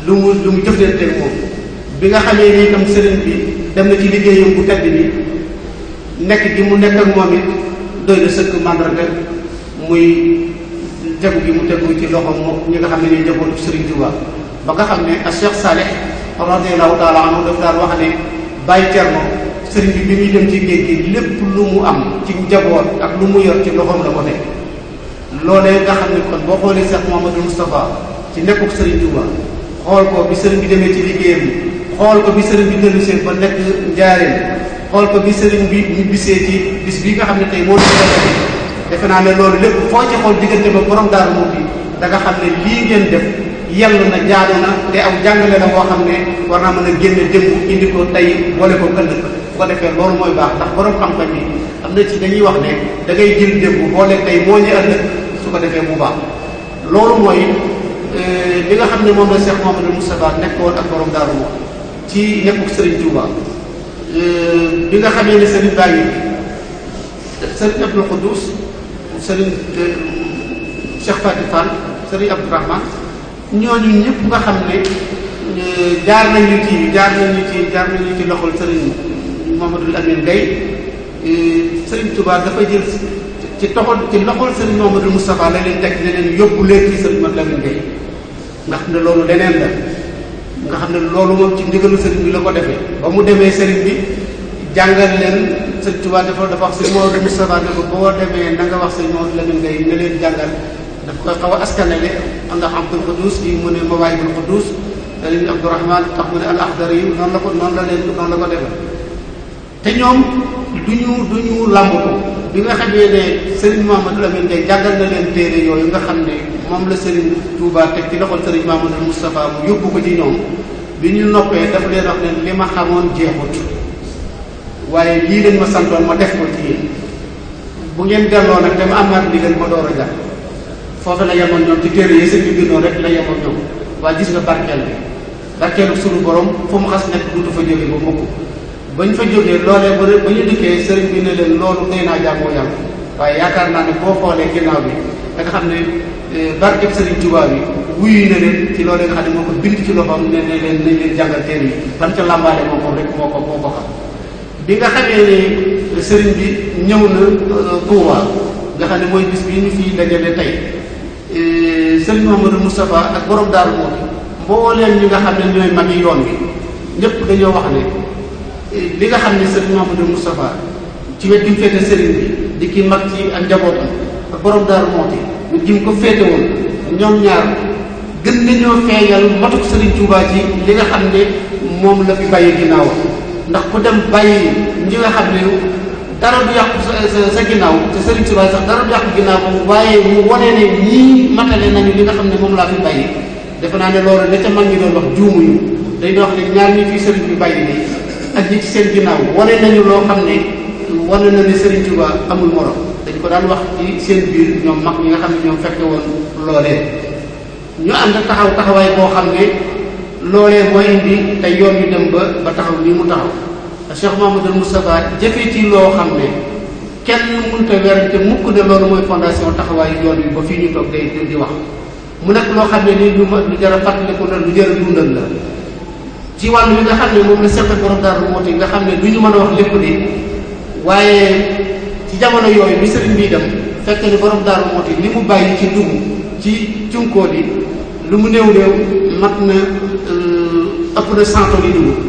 lu mu lu mu jëflanteek moom bi nga xamee ni tam Serigne bi dem na ci liggéeyam bu tedd bi nekk gi mu nekk ak moom it doy na sëkk muy tegu bi mu tegu ci loxo moom ñi nga xam ne ñooy njabootu Serigne Touba ba nga xam ne a Cheikh Saleh radiyallahu taala anhu daf daan wax ne bàyyi Cerno sëriñ bi bi muy dem ci géej gi lépp lu mu am ci njaboot ak lu mu yor ci loxoom la ko teg loolee nga xam ne kon boo xoolee Cheikh Mouhamadou Moustapha ci nekkuk sëriñ Touba xool ko bi sëriñ bi demee ci liggéeyam bi xool ko bi sëriñ bi dellu seen ba nekk njaareem xool ko bi sëriñ bi ñu ci bis bi nga xam ne tey moo defe naa ne loolu lépp foo ci xool diggante ba borom daaru mu bi da nga xam ne lii ngeen def yell na jaadu na te aw jàngale la boo xam ne war naa mën a génn démb indi ko tey boole ko ëllëg ko defee loolu mooy baax ndax borom xam am na ci dañuy wax ne da ngay jël démb boole tey moo ñu ëllëg su ko defee mu baax loolu mooy bi euh, nga xam ne moom la Cheikh Mouhamadou Moustapha nekkoon ak borom daaru moom ci nekkuk Serigne Touba euh, bi nga xam ne Serigne Baye Serigne Abdou Khoudous sëriñ euh, Cheikh Fatou Fall sëriñ Abdourahman ñooñu ñëpp nga xam ne euh, jaar nañu ci jaar nañu ci jaar nañu ci loxol sëriñ Mamadou Amine Gueye euh, sëriñ Touba dafa jël ci toxol ci loxol sëriñ Mamadou Moustapha la leen teg ne leen yóbbu leen ci sëriñ Mamadou Amine nga xam ne loolu leneen la nga xam ne loolu moom ci ndigalu sëriñ bi la ko defee ba mu demee sëriñ bi jàngal leen sëñ Tuubaa dafa dafa wax sëñ Maodo Moustapha ne na wax sëñ Maodo la daf koy xaw a askanale ndax Abdul Quddus bi mu ne Mawaahibul Quddus dañuy Abdourahman tax yi noonu la ko ko defal te ñoom du ñu du bi nga xamee ne Serigne Mamadou Lamine Gueye jàngal yooyu nga xam ne moom la Serigne Touba teg ci loxol Serigne Mamadou Moustapha mu yóbbu ko ci ñoom bi ñu noppee daf leen wax ne li ma xamoon jeexut waaye lii dañ ma santoon ma def ko ci yéen bu ngeen delloo nag dama am naa ndigal ma door a jàpp foofu la yemoon ñoom ci téere yi sëñ bi bindoon rek la yemoon ñoom waaye gis nga barkeel bi barkeelu suñu borom fu mu xas nekk duutu fa jógee ba mukk ba ñu fa jógee loolee ba ba ñu dikkee ne waaye yaakaar naa ne boo xoolee ginnaaw bi da ne eh, barkeb sëriñ Tuubaa bi wuyu na leen ci ne ci loxoom ne ne leen nañ leen jàngal téere yi ban ca làmbaale moo ko rek moo ko moo ko xam bi nga xamee sëriñ bi ñëw na euh, Touba nga xam ne mooy bis bi ñu fi dajale tey sëriñ Mamadou Moustapha ak borom Darou Mouhty mbooleem ñi nga xam ne ñooy yoon ñëpp dañoo wax ne eh, nga xam ne sëriñ Mamadou Moustapha ci wet gi bi di ki mag ak njabootam ak borom Darou mu jim ko féete woon ñoom ñaar gën nañoo feeñal matuk sëriñ Touba ci li nga xam ne moom la fi bàyyi ginnaaw ndax ku dem bàyyi ñi nga xam ne dara du yàqu sa ginnaaw te Sëriñ Tuubaa sax dara du yàqu ginnaaw bu waaye mu wanee ne ñii matale nañu li nga xam ne moom laa fi bàyyi defe naa ne loolu la ca mag ñi doon wax juumuñu dañ wax ne ñaar ñi fii sëriñ bi bàyyi nii ak ñi ci seen ginnaaw wane nañu loo xam ne wane na ne Sëriñ Tuubaa amul morom dañ ko daan wax ci seen biir ñoom mag nga xam ne ñoom fekke woon loolee ñu ànd taxaw taxawaay boo xam ne loolee mooy indi tey yoon yu dem ba ba taxaw nii mu taxaw Cheikh Mouhamadou Moustapha jëfee ci loo xam ne kenn mënta werante mukk ne loolu mooy fondation taxawaayu yoon bi ba fii ñu toog day di wax mu nekk loo xam ne nii lu ma lu jar a fàttaliku la lu jar a dundal la ci wàllu bi nga xam ne moom la seqal borom daaru mooti nga xam ne du ñu mën a wax lépp de waaye ci jamono yooyu bi sëriñ bii dem fekk ni borom daaru mooti li mu bàyyi ci dugub ci cunkoo mat na euh, ëpp na cent tonnes dugub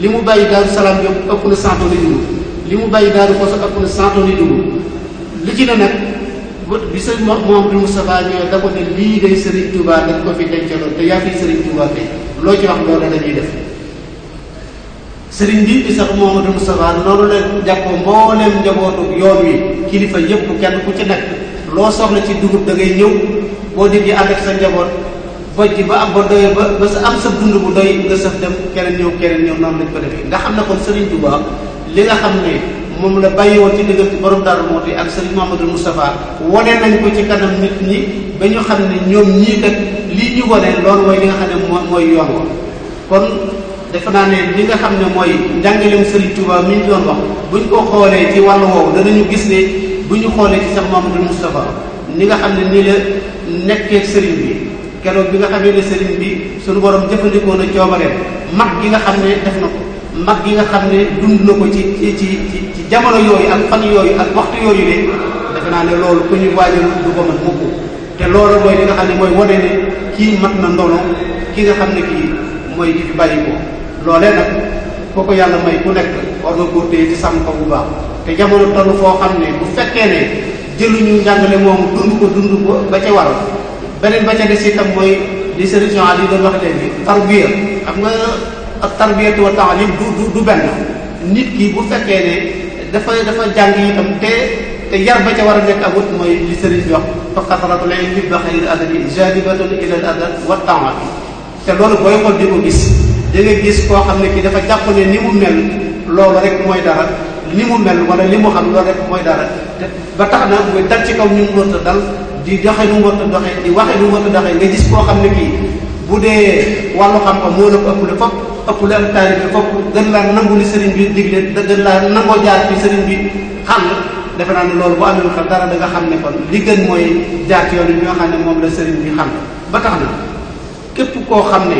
li mu bàyyi daaru salaam yëpp ëpp na cent tonnes dugub li mu bàyyi daaru Koso ëpp na cent tonnes dugub li ci ne nag bi sa moom bi Moustapha ñëwee da ko lii day Serigne Touba dañ ko fi dencaloon te yaa loo ci wax loolu la ñuy def Serigne bi di yoon wi kilifa yëpp kenn ku ci nekk loo soxla ci dugub da ñëw boo déggee ànd ak sa njaboot. bojj ba am ba doy ba ba sa am sa dund bu doy nga saf dem keneen ñëw keneen ñëw noonu lañ ko defee nga xam ne kon Serigne Touba li nga xam ne moom la bàyyi woon ci diggante borom Darou Mouhty ak Serigne Mouhamadou Moustapha wane nañ ko ci kanam nit ñi ba ñu xam ne ñoom ñii kat lii ñu wane loolu mooy li nga xam ne mooy mooy yoon kon defe naa ne li nga xam ne mooy leen Serigne Touba mi ñu doon wax bu ñu ko xoolee ci wàllu woowu danañu gis ne bu ñu xoolee ci sax Mouhamadou Moustapha ni nga xam ne nii la nekkee Serigne bi. keroog bi nga xamee ne sëriñ bi suñu borom jëfandikoo na coobareem mag gi nga xam ne def na ko mag gi nga xam ne dund na ko ci ci ci jamono yooyu ak fan yooyu ak waxtu yooyu de defe naa ne loolu ku ñu waajal du ko mën mukk te loolu mooy li nga xam ne mooy wane ne kii mat na ndono ki nga xam ne kii mooy bàyyi ko loolee nag kooku yàlla may ku nekk war nga koo téye ci te jamono toll foo xam ne bu fekkee ne jëluñu njàngale moomu dund ko dund ko ba beneen ba ca des itam mooy li sëriñ Ali doon wax léegi tarbiya xam nga ak tarbiyatu wa taalim du du du benn nit ki bu fekkee ne dafa dafa jàng itam te te yar ba ca war a nekk amut mooy li sëriñ bi wax fa kasaratu lay nit ba xëy adabi jalibatun ila al adab wa taam te loolu booy xool di ko gis da nga gis koo xam ne ki dafa jàpp ne ni mu mel loolu rek mooy dara ni mu mel wala li mu xam loolu rek mooy dara ba tax na muy dal ci kaw ñu mu dal di doxe nu mu war a doxe di waxe nu mu war doxe nga gis koo xam ne kii bu dee wàllu xam-xam moo la ko ëppale fopp ëppale ak fopp gën laa nangu bi digle da gën laa nangoo jaar ci sëriñ bi xam defe naa ne loolu bu dara da nga xam ne kon li gën mooy jaar yi nga xam ne moom la sëriñ xam ba koo xam ne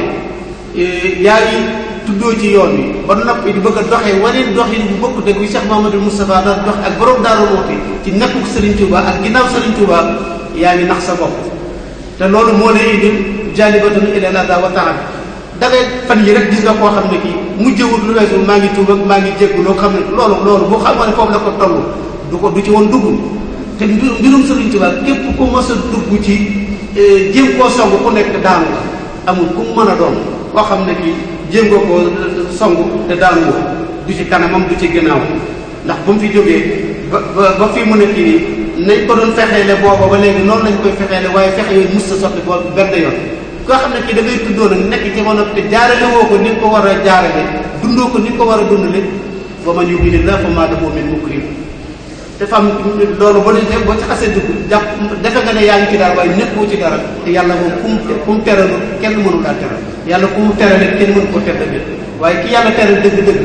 eh, yaa ngi tuddoo ci yoon wi ba noppi di bëgg a doxee waneen doxin bu bokk dëgg yi Cheikh Mamadou Moustapha daal dox ak borom Daaru Muxti ci nekkuk Sëriñ Tuuba ak ginnaaw Sëriñ Tuuba yaa ngi nax sa bopp te loolu moo lay indil jaalibatun ilal adaa wa taab dangay fan yi rek gis nga koo xam ne mu mujjewut lu weesu maa ngi tuub ak maa ngi jéggu loo xam ne loolu loolu bu xamoon foofu la ko toll du ko du ci woon dugg te mbirum mbirum Sëriñ Tuubaa képp ku mës a dugg ci e, jéem koo song ku nekk daanu la amul ku mën a doon koo xam ne kii jéem nga koo song te daanu du ci kanamam du ci gannaaw ndax bu mu fi jógee ba ba ba fii mu nekk nii nañ ko doon fexeele booba ba léegi noonu lañ koy fexeele waaye fexe yooyu mus a soppi boobu benn yoon koo xam ne kii da ngay tuddóon nekk ci mono te jaarale woo ko ni ko war a jaarale dundoo ko ni ko war a dundale wa man yuridillah fa maa lahu min mukrim te fam loolu ba lañ boo ci xasee dugg jàpp defe nga ne yaa ngi ci dara waaye nekkoo ci dara te yàlla moom ku mu ku mu teralu kenn mënu kaa teral mu ko terale waaye ki yàlla teral dëgg-dëgg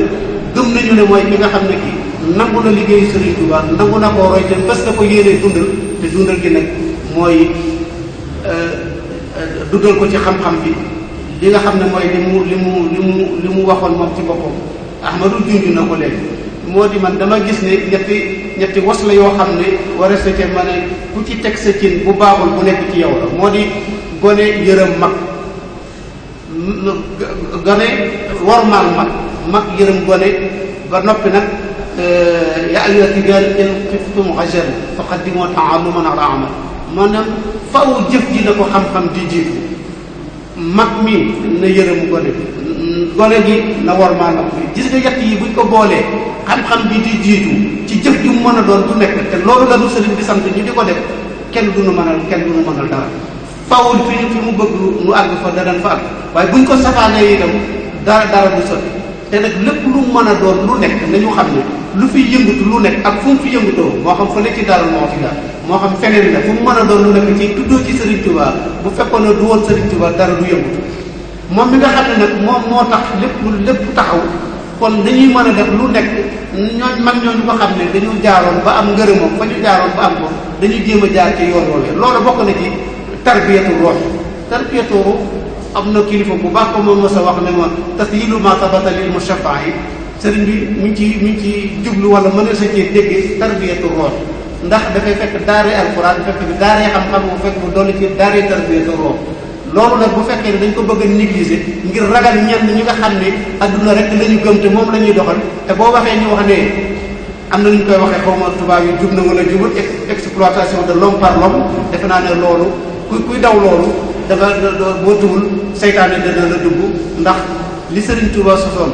gëm nañu ne mooy nga xam ne kii nangu na liggéeyu Sëriñ Tuubaa nangu na koo roy te fas na ko yéenee dundal te dundal gi nag mooy euh, euh, dundal ko ci xam-xam bi li nga xam ne mooy li mu li mu li mu li mu waxoon moom ci boppam Ahmadu junj na ko léegi moo di man dama gis ne ñetti ñetti was la yoo xam ne war a ma ne ku ci teg sa bu baaxul bu nekk ci yow la moo di gone yërëm mag gone wormaal mag mag yërëm gone ba noppi nag yaa ayyuha tigaan in xiftum ajalan faqaddimu taaluman ala amal maanaam faw jëf ji na ko xam-xam di jiitu mag mi na yërëm gone bi gone gi na war maanaam bi gis nga yett yi buñ ko boolee xam-xam bi di jiitu ci jëf ju mën a doon du nekk te loolu la nu sëriñ bi sant ñu di ko def kenn du nu mënal kenn du nu mënal dara fawul fi fi mu bëgg nu àgg fa danañ fa àgg waaye buñ ko safaanee itam dara dara du sotti te nag lépp lu mën a doon lu nekk nañu xam ne lu fi yëngatu lu nekk ak fu mu fi yëngatoo moo xam fa ne ci daal moo xam feneen la fu a doon lu nekk ci tuddoo ci Serigne bu fekkoon ne du woon dara du yëngatu moom mi nga xam ne nag moom moo tax lépp lépp taxaw kon dañuy mën a def lu nekk ñooñ mag ñooñu ko xam ne dañu jaaroon ba am ngërëmam fa ñu jaaroon ba am ko dañu jéem a jaar ci yoon woowee loolu bokk na ci tarbiyatu rox tarbiyatu am na kilifa bu baax ko moom mos a wax ne ma tasiilu ma sabata lil mushafaa yi sëriñ mu ngi ci mu ngi ci jublu wala mën na sa cee déggee tarbiyatu root ndax dafay fekk daaree alxuraan fekk bi daaree xam-xam bu fekk bu doole ci daaree tarbiyatu root loolu nag bu fekkee ne dañ ko bëgg a négliger ngir ragal ñenn ñi nga xam ne adduna rek la ñu gëm te moom la ñuy doxal te boo waxee ñu wax ne am na lu ñu koy waxee xaw ma tubaab yi jub na wala jubul exploitation de l'homme defe naa ne loolu kuy daw loolu dafa boo tuwul seytaane dana la dugg ndax li Serigne Touba sosoon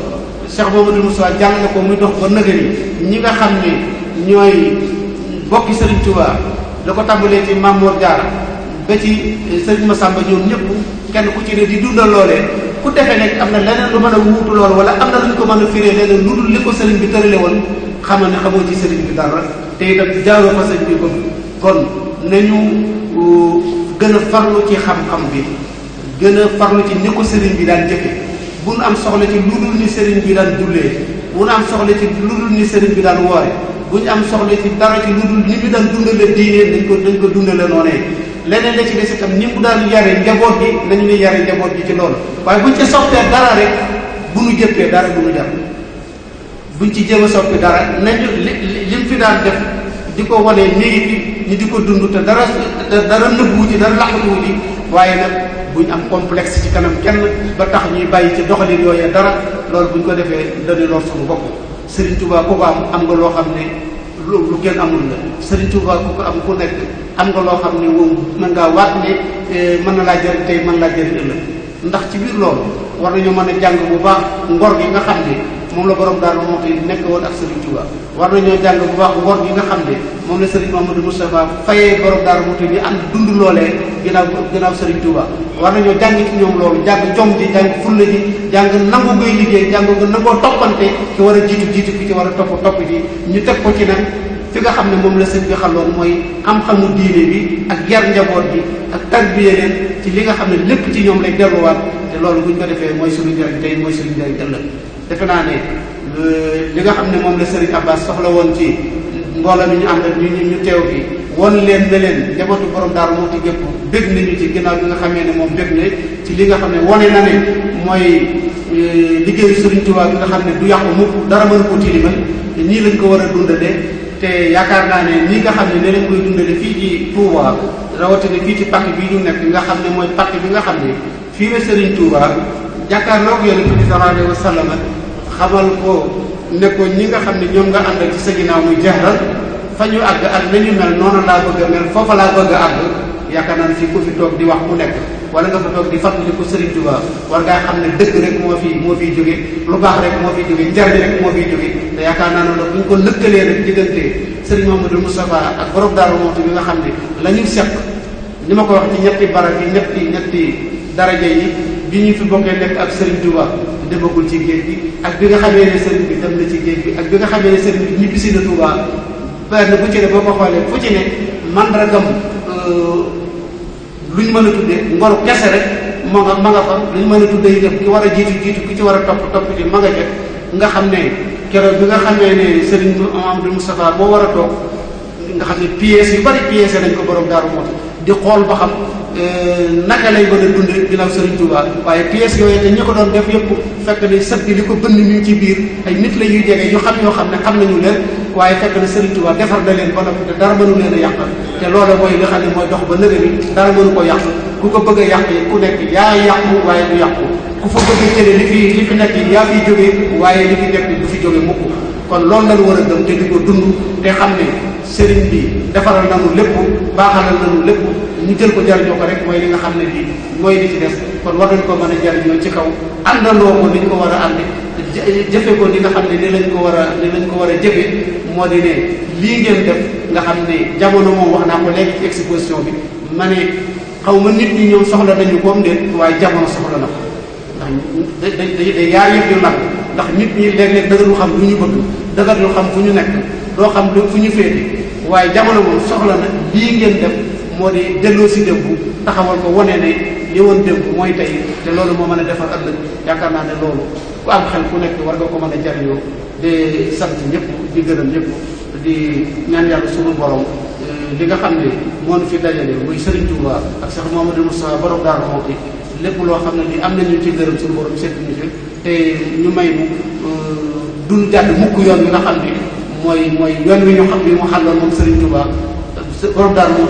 Cheikh Mamadou Moussa jàng na ko muy dox ba nëgëri ñi nga xam ne ñooy bokki Serigne Touba da ko tàmbalee ci Mame Mor Diarra ba ci ma Massamba ñoom ñëpp kenn ku ci ne di dundal loolee ku defee nekk am na leneen lu mën a wuutu lool wala am na lu ko mën a firee leneen lu dul li ko Serigne bi tërale woon xamal ne xamoo ci Serigne bi dara te itam jaaroo fa Serigne bi kon kon nañu. gën a farlu ci xam-xam bi gën a farlu ci ni ko sëriñ bi daan jëkke bu nu am soxla ci lu dul ni sëriñ bi daan jullee bu nu am soxla ci lu dul bi daan woore bu ñu am soxla ci dara ci lu dul ni bi daan dundale diine dañ ko dañ ko dundale noonee leneen la ci des itam ni mu daan yare njaboot bi nañu ne yare njaboot bi ci loolu waaye buñ ci soppee dara rek bu nu jëppee dara bu nu jàpp buñ ci jéem a soppi dara nañu li li mu fi daan def di ko wane nii ñi di ko dund te dara dara nëbbu ci dara laqatuwu ci waaye nag buñ am complexe ci kanam kenn ba tax ñuy bàyyi ci doxalin yooyee dara loolu ñu ko defee dañu lor suñu bopp Serigne Touba ku am am nga loo xam ne lu lu kenn amul la Serigne Touba ku am ku nekk am nga loo xam ne moom mën ngaa waat ne eh, mën na laa jëriñ tey mën laa jëriñ ëllëg ndax ci biir loolu war nañoo mën a jàng bu baax ngor gi nga xam ne moom la borom daal moom tey nekk woon ak Serigne Touba war nañoo jàng bu baax wor yi nga xam ne moom la Serigne Mamadou Moustapha fayee borom daal moo tey ñu ànd dund loolee war nañoo jàng ci ñoom loolu jàng jom ji jàng fulla ji jàng nangu ngay liggéey jàng nga nangoo toppante ki war a jiitu jiitu ki ci war a topp topp ji ñu teg ko ci nag fi nga xam ne moom la sëñ bi xaloon mooy xam-xamu diine bi ak yar njaboot bi ak tarbiye leen ci li nga xam ne lépp ci ñoom lay delluwaat te loolu bu ñu ko defee mooy suñu njëriñ tey mooy suñu njëriñ ëllëg defe naa ne euh, li nga xam ne moom la Serigne Abbas soxla woon ci mboola nu ñu ànd ñu ñu teew fi won leen ne leen njabootu borom Daaru Muxti gépp bég nañu ci ginnaaw bi nga xamee ne moom bég ne ci li nga xam ne wane na ne mooy euh, liggéeyu Serigne Touba bi nga xam ne du yàqu mukk dara mën ko tilimal ñii lañ ko war a dundalee te yaakaar naa ne nii nga xam ne ne lañ koy dundale fii ci Touba rawatina fii ci pàkk bii ñu nekk nga xam ne mooy pàkk bi nga xam ne fii la Serigne Touba yaakaar jàkkaarloog yonent bi sallallahu alayhi xaw sallam xamal ko ne ñi nga xam ne ñoom nga ànd ci sa ginnaaw muy jeexal fa ñu àgg ak nañu mel noonu laa bëgg a mel foofa laa bëgg a àgg yaakaar naa ne fii ku fi toog di wax mu nekk wala nga fa toog di fàttali ko Serigne Touba war ngaa xam ne dëgg rek moo fi moo fiy jóge lu baax rek moo fiy jóge njariñ rek moo fiy jóge te yaakaar naa ne bu ñu ko lëkkalee rek diggante Serigne Mamadou Moustapha ak borom Daaru Muxti bi nga xam ne lañu ñu seq ma ko wax ci ñetti barab yi ñetti ñetti daraja yi bi ñu fi bokkee nekk ak Serigne Touba demagul ci géej bi ak bi nga xamee ne Serigne bi dem na ci géej bi ak bi nga xamee ne Serigne bi ñibbisi na Touba benn bu ci ne boo ko xoolee fu ci ne mandargam euh, lu ñu mën a tuddee ngoru kese rek ma nga ma nga fa lu ñu mën a tuddee itam ki war a jiitu jiitu ki ci war a topp topp ci ma nga jëkk nga xam ne keroog bi nga xamee ne Serigne Amadou Moustapha moo war a toog nga xam ne pièces yu bari pièces nañ ko borom daaru moo di xool ba xam Euh, naka lay gën a dund ginnaaw Serigne waaye pièces yooyu te ñi ko doon def yëpp fekk ni sët bi li ci biir ay nit la yuy jege yu xam ne xam na Serigne Touba defar na leen ba leen a yàqal te loolu mooy nga xam ne ba nëgë ni dara ko yàq ku ko bëgg a yàq yi nekk yaa yàqu waaye du yàqu ku fa bëgg a jële li li fi nekk yaa waaye li fi nekk du fi jóge mukk kon loolu lañu war a gëm te dund te xam ne Serigne bi defaral nañu lépp baaxalal nañu lépp ñu jël ko jariñoo ko rek mooy li nga xam ne bii mooy li ci des kon war nañ ko mën a jariñoo ci kaw àndandoo ko ni ñu ko war a ànde jëfe ko li nga xam ne ni lañ ko war a ni lañ ko war a jëfe moo di ne lii ngeen def nga xam ne jamono moom wax naa ko léegi exposition bi ma ne xaw ma nit ñi ñoom soxla nañu koom de waaye jamono soxla na ndax da da da yaa yëg yu nag ndax nit ñi léeg-léeg dëgër lu xam lu ñu bëgg dëgër lu xam fu ñu nekk doo xam lu fu ñu féete waaye jamono moom soxla na lii ngeen dem moo di delloo si démb taxawal ko wane ne li woon mooy tey te loolu moo mën a defar ëllëg yaakaar naa ne loolu ku am xel ku nekk war nga ko mën a jariñoo di sant ñëpp di gërëm ñëpp di ñan yàlla sunu borom li nga xam ne moo fi dajale muy Serigne Touba ak Cheikh Mouhamadou Moussa borom Darou Mouhty lépp loo xam ne ni am ñu ci gërëm sunu borom seet ñu ci te ñu may mu euh, dun jàdd mukk yoon wi nga xam ne mooy mooy yoon wi ñu xam ne mu xàlloon moom së Touba borom Darou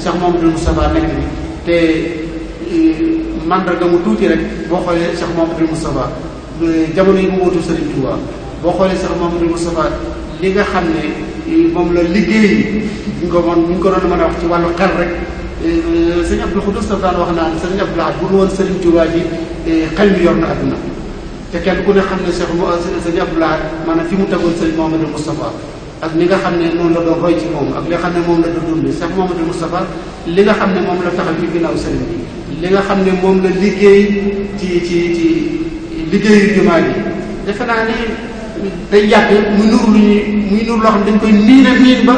sax Mouhamadoul Moustapha nekk ni te e, mandarga mu tuuti rek boo xoolee sax Mouhamadoul Moustapha e, jamono yi mu wutu Serigne Touba boo xoolee sax Mouhamadoul Moustapha li nga xam ne e, moom la liggéey ñu ko moon ñu ko doon mën a wax ci wàllu xel rek sëñ Abdou Khoudous daf daan wax naan sëñ Abdou Lahad bu dul woon Serigne Touba ji xel na àdduna te kenn ku ne xam ne Cheikh sëñ Abdou Lahad maanaam fi mu tegoon sëñ Mouhamadoul Moustapha ak li nga xam ne moom la doon roy ci moom ak li nga xam ne moom la doon dund Cheikh Mouhamadou Moustapha li nga xam ne moom la taxaw ci ginnaaw sëriñ bi li nga xam ne moom la liggéey ci ci ci liggéeyu jumaa ji defe naa ni day yàgg mu nur lu ñuy muy nur loo xam dañ koy nii na niin ba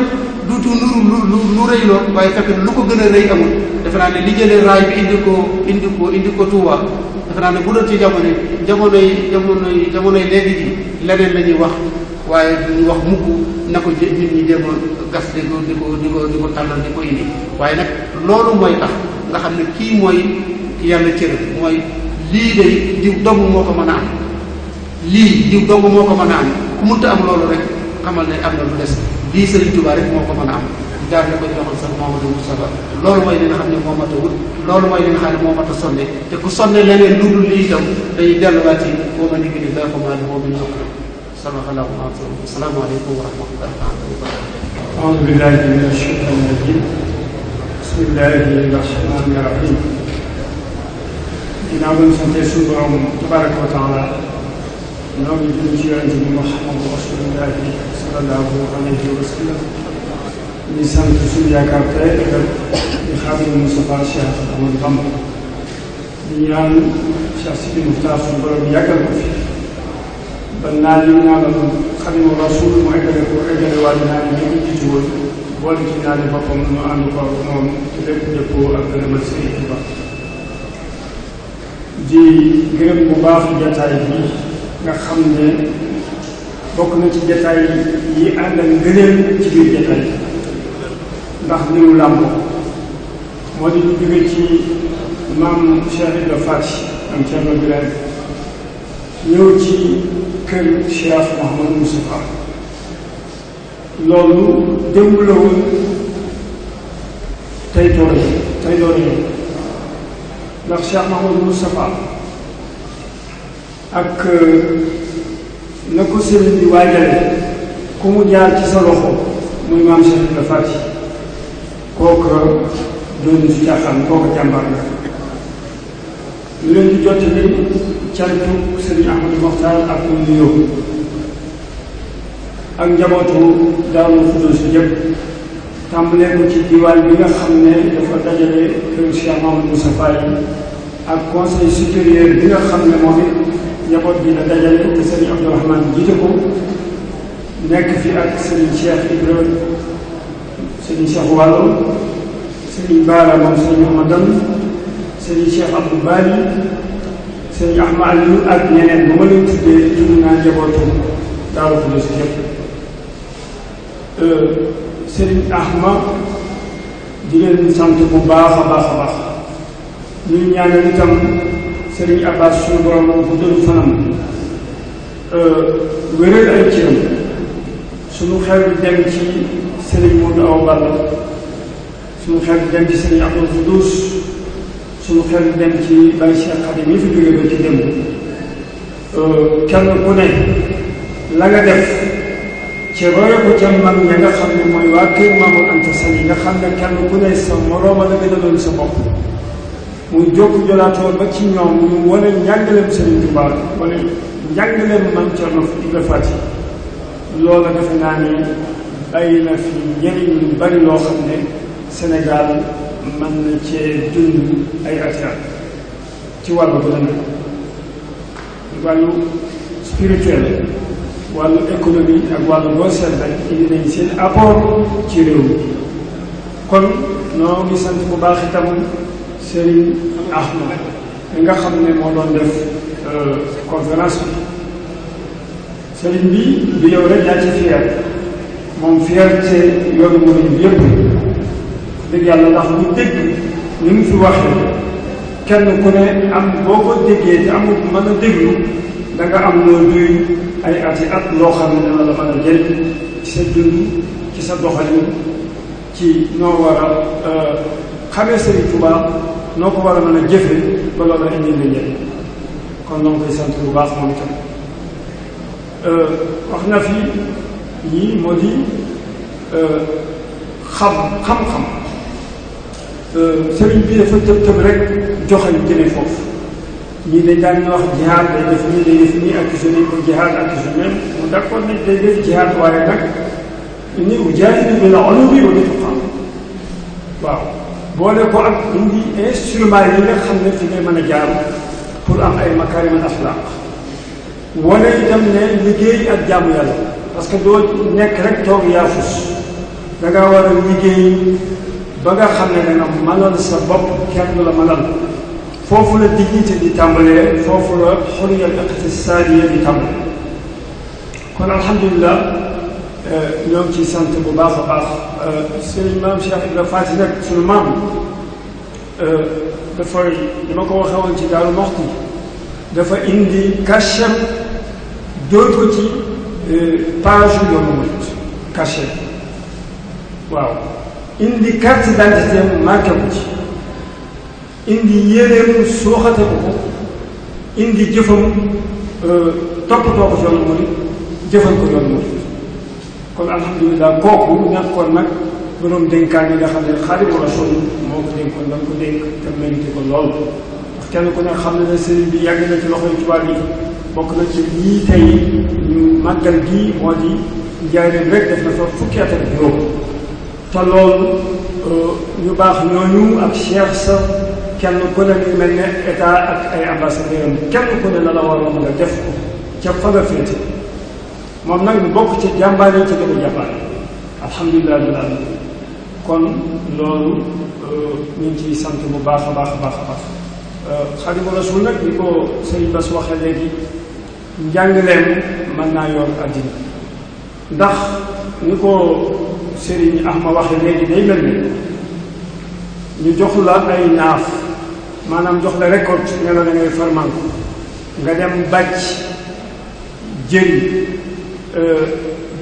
duutu nuru lu lu lu rëy loo waaye fekk lu ko gën a rëy amul defe naa ne li jëlee raay bi indi ko indi ko indi ko Touba defe naa ne bu doon ci jamono jamonoy jamonoy jamonoy léegi ji leneen la ñuy wax waaye duñu wax mukk na ko nit ñi jéem a gas di ko di ko di ko di ko ko indi waaye nag loolu mooy tax nga xam ne kii mooy yàlla cëral mooy lii day diw dong moo ko mën a am lii diw dong moo ko mën a am ku am loolu rek ne am na lu des lii Sëriñ Tuubaa rek ko mën a am daal di ko loolu mooy li nga xam ne moo mat a wut loolu mooy li nga moo mat a sonne te ku sonne leneen lu dul lii itam day delluwaat yi boo ma ni gi ni daa ko maa ni sadaqallahu al-aziim asalaamaaleykum wa rahmatullahi wa barakaatuh a'uuzu billaahi mina shaytaani rajiim bismillaahi rahmaani rahiim ginnaaw bi ñu santee suñu borom tabaaraka wa taala ñoo ngi jëm ci yonent bi Muhammadu rasuulullaahi sallallahu alayhi wa sallam ñu sant suñu yaakaar tey di Xaadimu Mustafaa Cheikh Ahmadou Bamba di ñaan Cheikh Sidi Muxtaar suñu borom yàggal ko fi ba naan yi ñaanal xam ne rasul mu eggale ko eggale waaj moom ci lépp dëppoo ak gën a bu baax jataay bi nga xam ne bokk na ci jataay yi ànd ak ngëneel ci biir jataay ndax ni mu làmboo moo di ñu ci maam Cheikh Ibrahima Faty am Thierno Birahim ñëw ci kër Cheikh Mouhamadou Moustapha loolu démb la tey door tey door yi ndax Cheikh Mouhamadou Moustapha ak euh, na ko sëriñ bi waajale ku mu jaar ci sa loxo muy maam Cheikh Ibrahima Fati kooku doon ci caaxaan kooku jàmbaar la ñu leen di jottali cantu sëriñ Ahmadou Mokhtar ak um nuyoo ak njabootu Daaru Xudoos yëpp tàmbalee ko ci diwaan bi nga xam ne dafa dajale kër Cheikh Mamadou Moussa Faye ak conseil supérieur bi nga xam ne moom it njaboot bi la dajale te sëriñ Abdourahmane jiite ko nekk fi ak sëriñ Cheikh Ibra sëriñ Cheikh Wallo sëriñ Baara moom sëriñ Mamadou sëriñ Cheikh Abdou Bali sëriñ Ahmad Aliou ak ñeneen bu ma leen tuddee tudd naa njabootu Daaru Xudoos yëpp euh, sëriñ Ahmad di leen sant baax a baax a baax ñuy ñaanal itam sëriñ Abbas suñu borom bu dul fanam euh, wéral ay cëram suñu xel dem ci sëriñ Modou Awa Balla suñu xel dem ci sëriñ Abdou Xudoos suñu xel dem ci Baye Cheikh Khadim yi fi jóge ba ci démb euh, kenn ku ne la nga def ci roye ko ca mag ña nga xam ne mooy waa kër Mamour Anta nga xam ne kenn ku ne sa morooma la gën a doon sa bopp muy jokk jolaatoon ba ci ñoom ñu wane njàngaleem Serigne Touba wala njàngaleem man Thierno Ibra Fati loola defe naa ne bàyyi na fi njëriñ bari loo xam ne Sénégal mën na cee dund ay ati at ci wàllu bu ne wàllu spirituel wàllu économie ak wàllu boo seet indi nañ seen apport ci réew mi kon noo ngi sant bu baax itam Serigne Ahmad mi nga xam ne moo doon def euh, conférence bi Serigne bi du yow rek yaa ci fier moom fierté yoonu murid bi dëgg yàlla ndax ñu dégg ñu ngi fi waxee kenn ku ne am boo ko déggee te amul mën a déglu da nga am loo duy ay ati at loo xam ne dana la mën a jël ci sa dund ci sa doxalin ci noo war a euh, xamee Sëriñ Tuubaa noo ko war a mën a jëfe kon noo koy sant bu baax moom itam euh, wax na fi yii moo di euh, xam xam-xam Euh, sëriñ bi dafa tëb tëb rek joxañ jëme foofu ñii dañ daan ñu wax jihaad day def ñii day def ñii accusé nañ ko jihaad accusé nañ mu d'accord nañ day def jihaad waaye nag ni ujahidu bil ulumi wa bil tuqa waaw boole ko ak indi instrument yi nga xam ne fi ngay mën a jaar pour am ay makaarimal axlaaq wane itam ne liggéey ak jaamu yàlla parce que doo nekk rek toog yaafus da ngaa war a liggéey ba xam ne danga mënal sa bopp kenn du la mënal foofu la dignité di tàmbalee foofu la xurriya iqtisaadiya di tàmbalee kon alhamdulilah euh, ñoo ngi ciy bu baax a baax euh, sëriñ maam Cheikh Ibrahima Fati nag suñu maam euh, dafay li ma ko waxee woon ci Daaru indi cachet dóor ko ci page Yoonu Murid cachet waaw indi carte d'identité am manqué ko ci indi yéeneemu suuxate ko ko indi jëfam euh, toppatoo ko yoon mooy jëfal ko yoon mooy kon alhamdulilah kooku nekkoon nag boroom dénkaan yi nga xam ne ko dénkoon da ko ko lool xam ne ne sëriñ bi yàgg na ci loxoy tubaab yi bokk na ci lii tey ñu màggal gii moo di njaay rek def fukki at juróom te loolu euh, ñu baax ñooñu ak cheikh sa kenn ku ne ñu mel ne état ak ay ambassadeur am kenn ku ne la la waroon nga def ko ca fa nga féete moom nag bokk ci jàmbaar yi ci gën a jàmbaar alhamdulilah bil kon loolu euh, ñu ngi ciy sant bu baax a baax a baax a baax euh, xadimu rasul nag ni ko sëriñ Bas waxee léegi njàngaleem mën naa yor àddina ndax ni ko Serigne Ahma waxe léegi day mel ni ñu jox la ay naaf maanaam jox la récolte ne la da ngay farman nga dem bàcc jëri euh,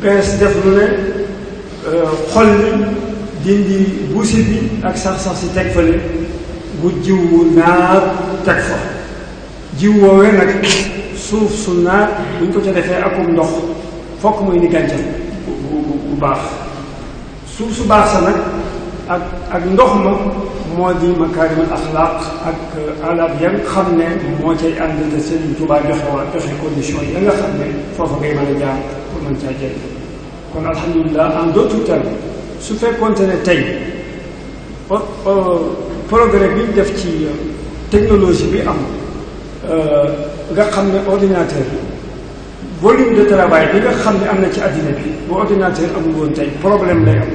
bees def lu ne euh, xol dindi buusi bi ak sax-sax si teg fale bu jiwu naar teg fa jiw woowee nag suuf su naar buñ ko ca defee akum ndox fokk muy ni gàncax bu bu baax suuf su baax sa nag ak ak ndox ma moo di makaarimul axlaaq ak euh, adab ya nga xam ne moo cay ànd te Sëriñ Tuubaa joxe waa joxe condition ya nga xam ne foofa ngay mën a jaar pour mën caa jël kon alhamdulilah en d'autres termes su fekkoonte ne tey progrès bi def ci euh, technologie bi am euh, nga xam ne ordinateur volume de travail bi nga xam ne am na ci addina bi bu ordinateur am woon tey problème lay am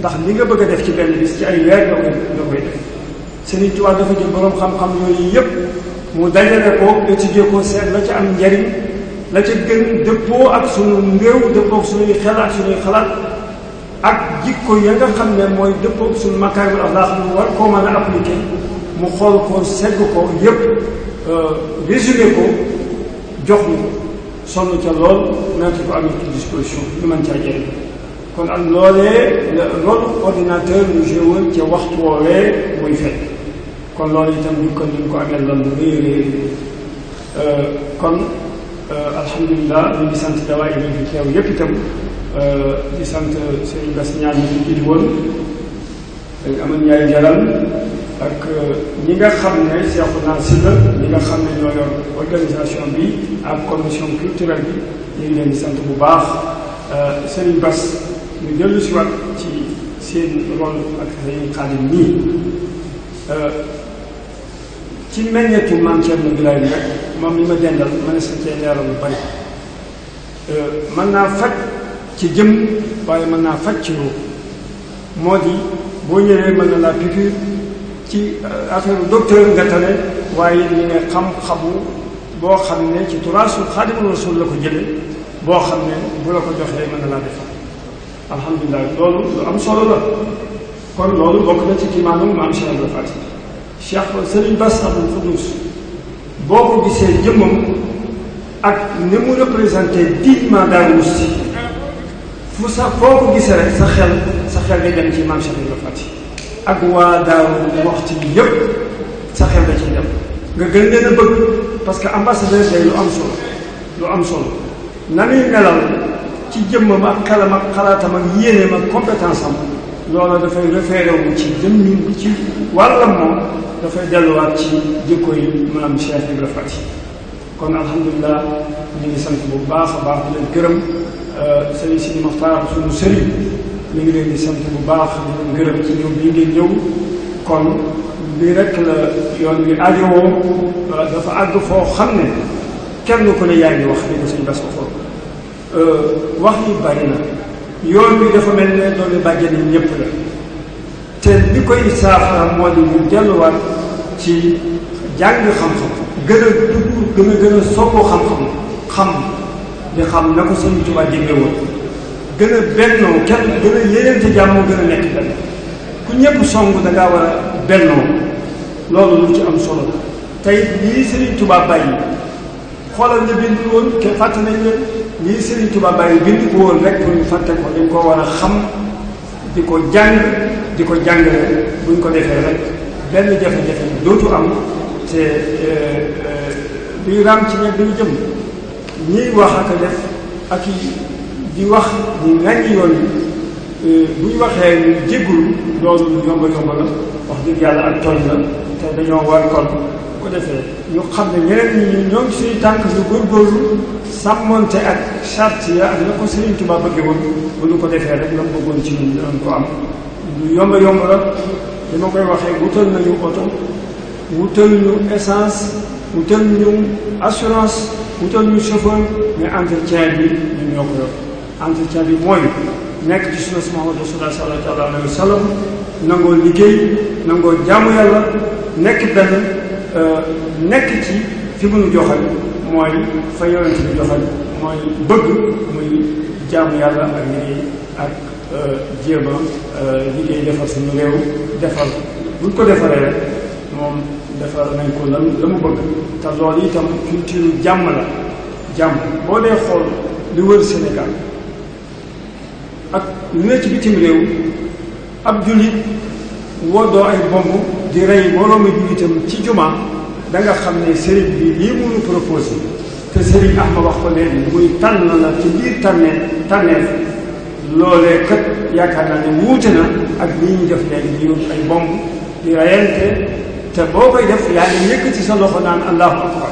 ndax li nga bëgg a def ci benn bis ci ay weer nga dafa jël boroom xam-xam yooyu yëpp mu dajale ko étudier ko seet la ci am njariñ la ca gën dëppoo ak sunu réew dëppoo ak xel ak sunuy xalaat ak jikko ya nga xam ne mooy dëppoo ak sunu makaarimul axlaaq mu war koo mën a mu xool ko segg ko yëpp euh, résumé ko jox ñu sonn ca lool nawet bi am ci disposition ñu mën caa jëriñ kon ak loolee ordinateur lu jéewoon ca waxtu woowee muy fekk kon loolu itam ñu ko ñu ko amee lan lu rëy euh, kon euh, alhamdulilah ñu sant dawaay yi fi teew yépp itam euh, sant Serigne Bass ñaar ñi fi woon dañ amoon ñaari ak ñi nga xam ne seexu naa si la ñi nga xam ne ñoo yor organisation bi ak commission culturelle bi ñu ngi leen di sant bu baax euh, Serigne Bass ñu dellu si waat ci seen rôle ak seen xaadim nii euh, ci meññeetu maam Thierno Birahim rek moom li ma dendal ma ne sa cee leeral lu euh, naa faj ci jëm waaye mën naa faj ci ruux moo di boo ñëwee mën na laa piqûre ci euh, affaire docteur nga tane waaye ñu ne xam-xamu boo xam ne ci turaasu xaadimu rasul la ko jële boo xam ne bu la ko joxee mën na laa defal alhamdulilah loolu am solo la kon loolu bokk na ci kimaanu maam Cheikh Abdou Fati Cheikh Serigne Bass Abdou Khoudous boo ko gisee jëmmam ak ni mu représenté dignement Daaru Musti fu sa foo ko gisee rek sa xel sa xel day dem ci maam Cheikh Abdou Fati ak waa Daaru Muxti yëpp sa xel da ciy dem nga gën leen a bëgg parce que ambassadeur lu am solo lu am solo na nuy melal ci jëmmam ak xelam ak xalaatam ak yéeneem ak compétence am dafay référé ci jëmmi ci wàllam moom dafay delluwaat ci jikko yi maanaam Cheikh Ibra Fati kon alhamdulilah ñu ngi sant bu baax a baax di leen gërëm euh, sëriñ Sidi Moxtaar suñu sëriñ ñu ngi leen di bu baax di leen ci ñëw bii ngeen ñëw kon lii rek la yoon wi ajowoo euh, dafa àgg foo xam ne kenn ku ne yaa wax ni ko suñu bas ko foofu euh, wax yi bari na yoon wi dafa mel ne doole bàjjen yi ñëpp la te li koy saafara moo di ñu delluwaat ci jàng xam-xam a dugg gën a xam di xam na ko suñu Tuubaa jënde woon gën a bennoo kenn gën a yéeneente jàmm gën a nekk benn ku ñëpp song da war a bennoo loolu lu ci am solo la tey lii Serigne Touba bàyyi xoolal ñu bind woon te fàtte nañ ko woon rek pour ñu fàtte ko dañ war a xam di ko jàng di ko jàngale buñ ko defee rek benn jafe-jafe bi dootu am te euh, euh, luy raam ci ñebe bi jëm ñiy wax ak def ak i. di wax di ŋàññ yooyu euh, bu ñu waxee ñu jéggul loolu yomba yomba la wax dëgg yàlla ak tooñ la te dañoo war kon bu ko defee ñu xam ne ñeneen ñi ñoo ngi suñu tànk ñu góorgóorlu sàmmonte ak charte ya ak na ko Sëriñ Tuubaa bëgge woon bu ñu ko defee rek la bëggoon ci ñun dinañ ko am lu yomba yomba la dama koy waxee wutal nañu oto wutal ñu essence wutal ñu assurance wutal ñu chauffeur mais entretien bi ñun ñoo ko yor entretien bi mooy nekk ci sunna si Muhammad Rasulullah sallallahu alayhi wa sallam nangoo liggéey nangoo jaamu yàlla nekk benn euh, nekk ci fi mu nu joxal mooy fa yonent bi joxal mooy bëgg muy jaamu yàlla ak liggéey ak euh, jéem a euh, liggéey defar suñu réew defar buñ ko defaree rek moom defar nañ ko la mu bëgg te loolu itam culture jàmm la jàmm boo dee xool li wër Sénégal ñu ne ci bitim réew ab jullit woddoo ay bomb di rey moroomi jullitam ci juma danga xam ne sëriñ bi lii mënu proposé te sëriñ Ahma wax ko léegi muy tànn na ci biir tànnee tànneef loolee kat yaakaar naa ne wuute na ak li ñu def léegi di yóbbu ay bomb di reyante te boo koy def yaa ngi ci sa loxo naan allahu akbar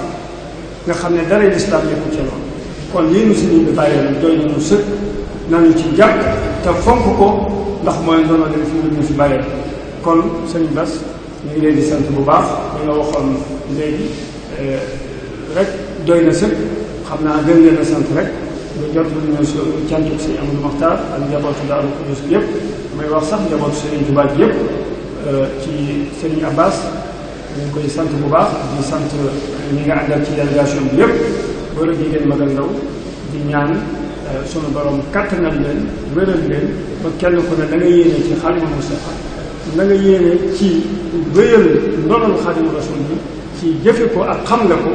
nga xam ne dara lislaam nekkul ci loolu kon lii nu si ñu bi bàyyi doy nañu sëkk nañu ci jàpp te fonk ko ndax mooy ndono li fi ñu fi bàyyee kon sëñ Bas ñu ngi leen di sant bu baax wax nga waxoon léegi eh, rek doy na sëkk xam naa gën leen a sant rek ñu jot lu ñu su cantuk si Amadou Makhtar ak njabootu Daaru Kudus yëpp may wax sax njabootu Sëriñ Tuubaa ji yëpp eh, ci Sëriñ Abbas ñu ngi koy sant bu baax di sant ñi nga àndal ci délégation bi yëpp góor a jigéen mag ak ndaw di ñaan Euh, sunu borom kattanal leen wéral leen ba kenn ku ne da nga yéene ci Xaadimu Mustafaa da nga yéene ci wéyal ndonal Xaadimu Rasuul bi ci jëfe ko ak xam nga ko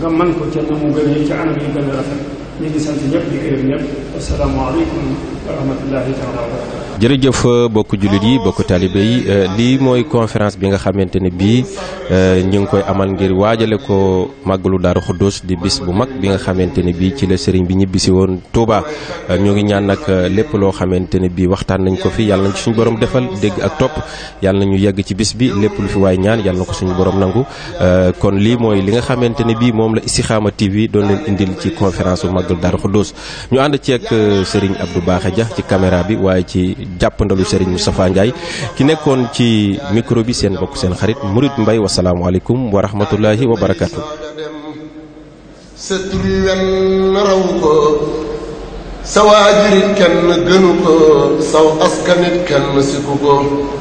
nga man ko ca na mu gënee ci anam yi gën a rafet ñu ngi sant ñëpp di gërëm ñëpp asalaamaaleykum wa rahmatullahi taala wa barakatu jërëjëf bokk jullit yi bokk taalibe yi euh, lii mooy conférence bi nga xamante ne bii euh, ñu ngi koy amal ngir waajale ko màggalu Daaru Xuddus di bis bu mag bi nga xamante ne bii ci la sëriñ bi ñibbisi woon Touba. Euh, ñoo ngi ñaan nag lépp loo xamante ne bii waxtaan nañ ko fi yàlla nañ suñu borom defal dégg ak topp yàlla nañu yegg ci bis bi lépp lu fi waaye ñaan yàlla na ko suñu borom nangu. kon lii mooy li nga xamante ne bii moom la Istikhama TV doon leen indil ci conférence bu màggalu Daaru Xuddus ñu ànd ceeg sëriñ Abdou Bakhe Dia ci caméra bi jàppandalu Serigne safaa Ndiaye ki nekkoon ci micro bi seen bokk seen xarit Murit Mbay wasalaamualeykum wa rahmatullahi wa barakatu sa tur wenn raw ko sa waajurit kenn gënu ko saw askanit kenn siku ko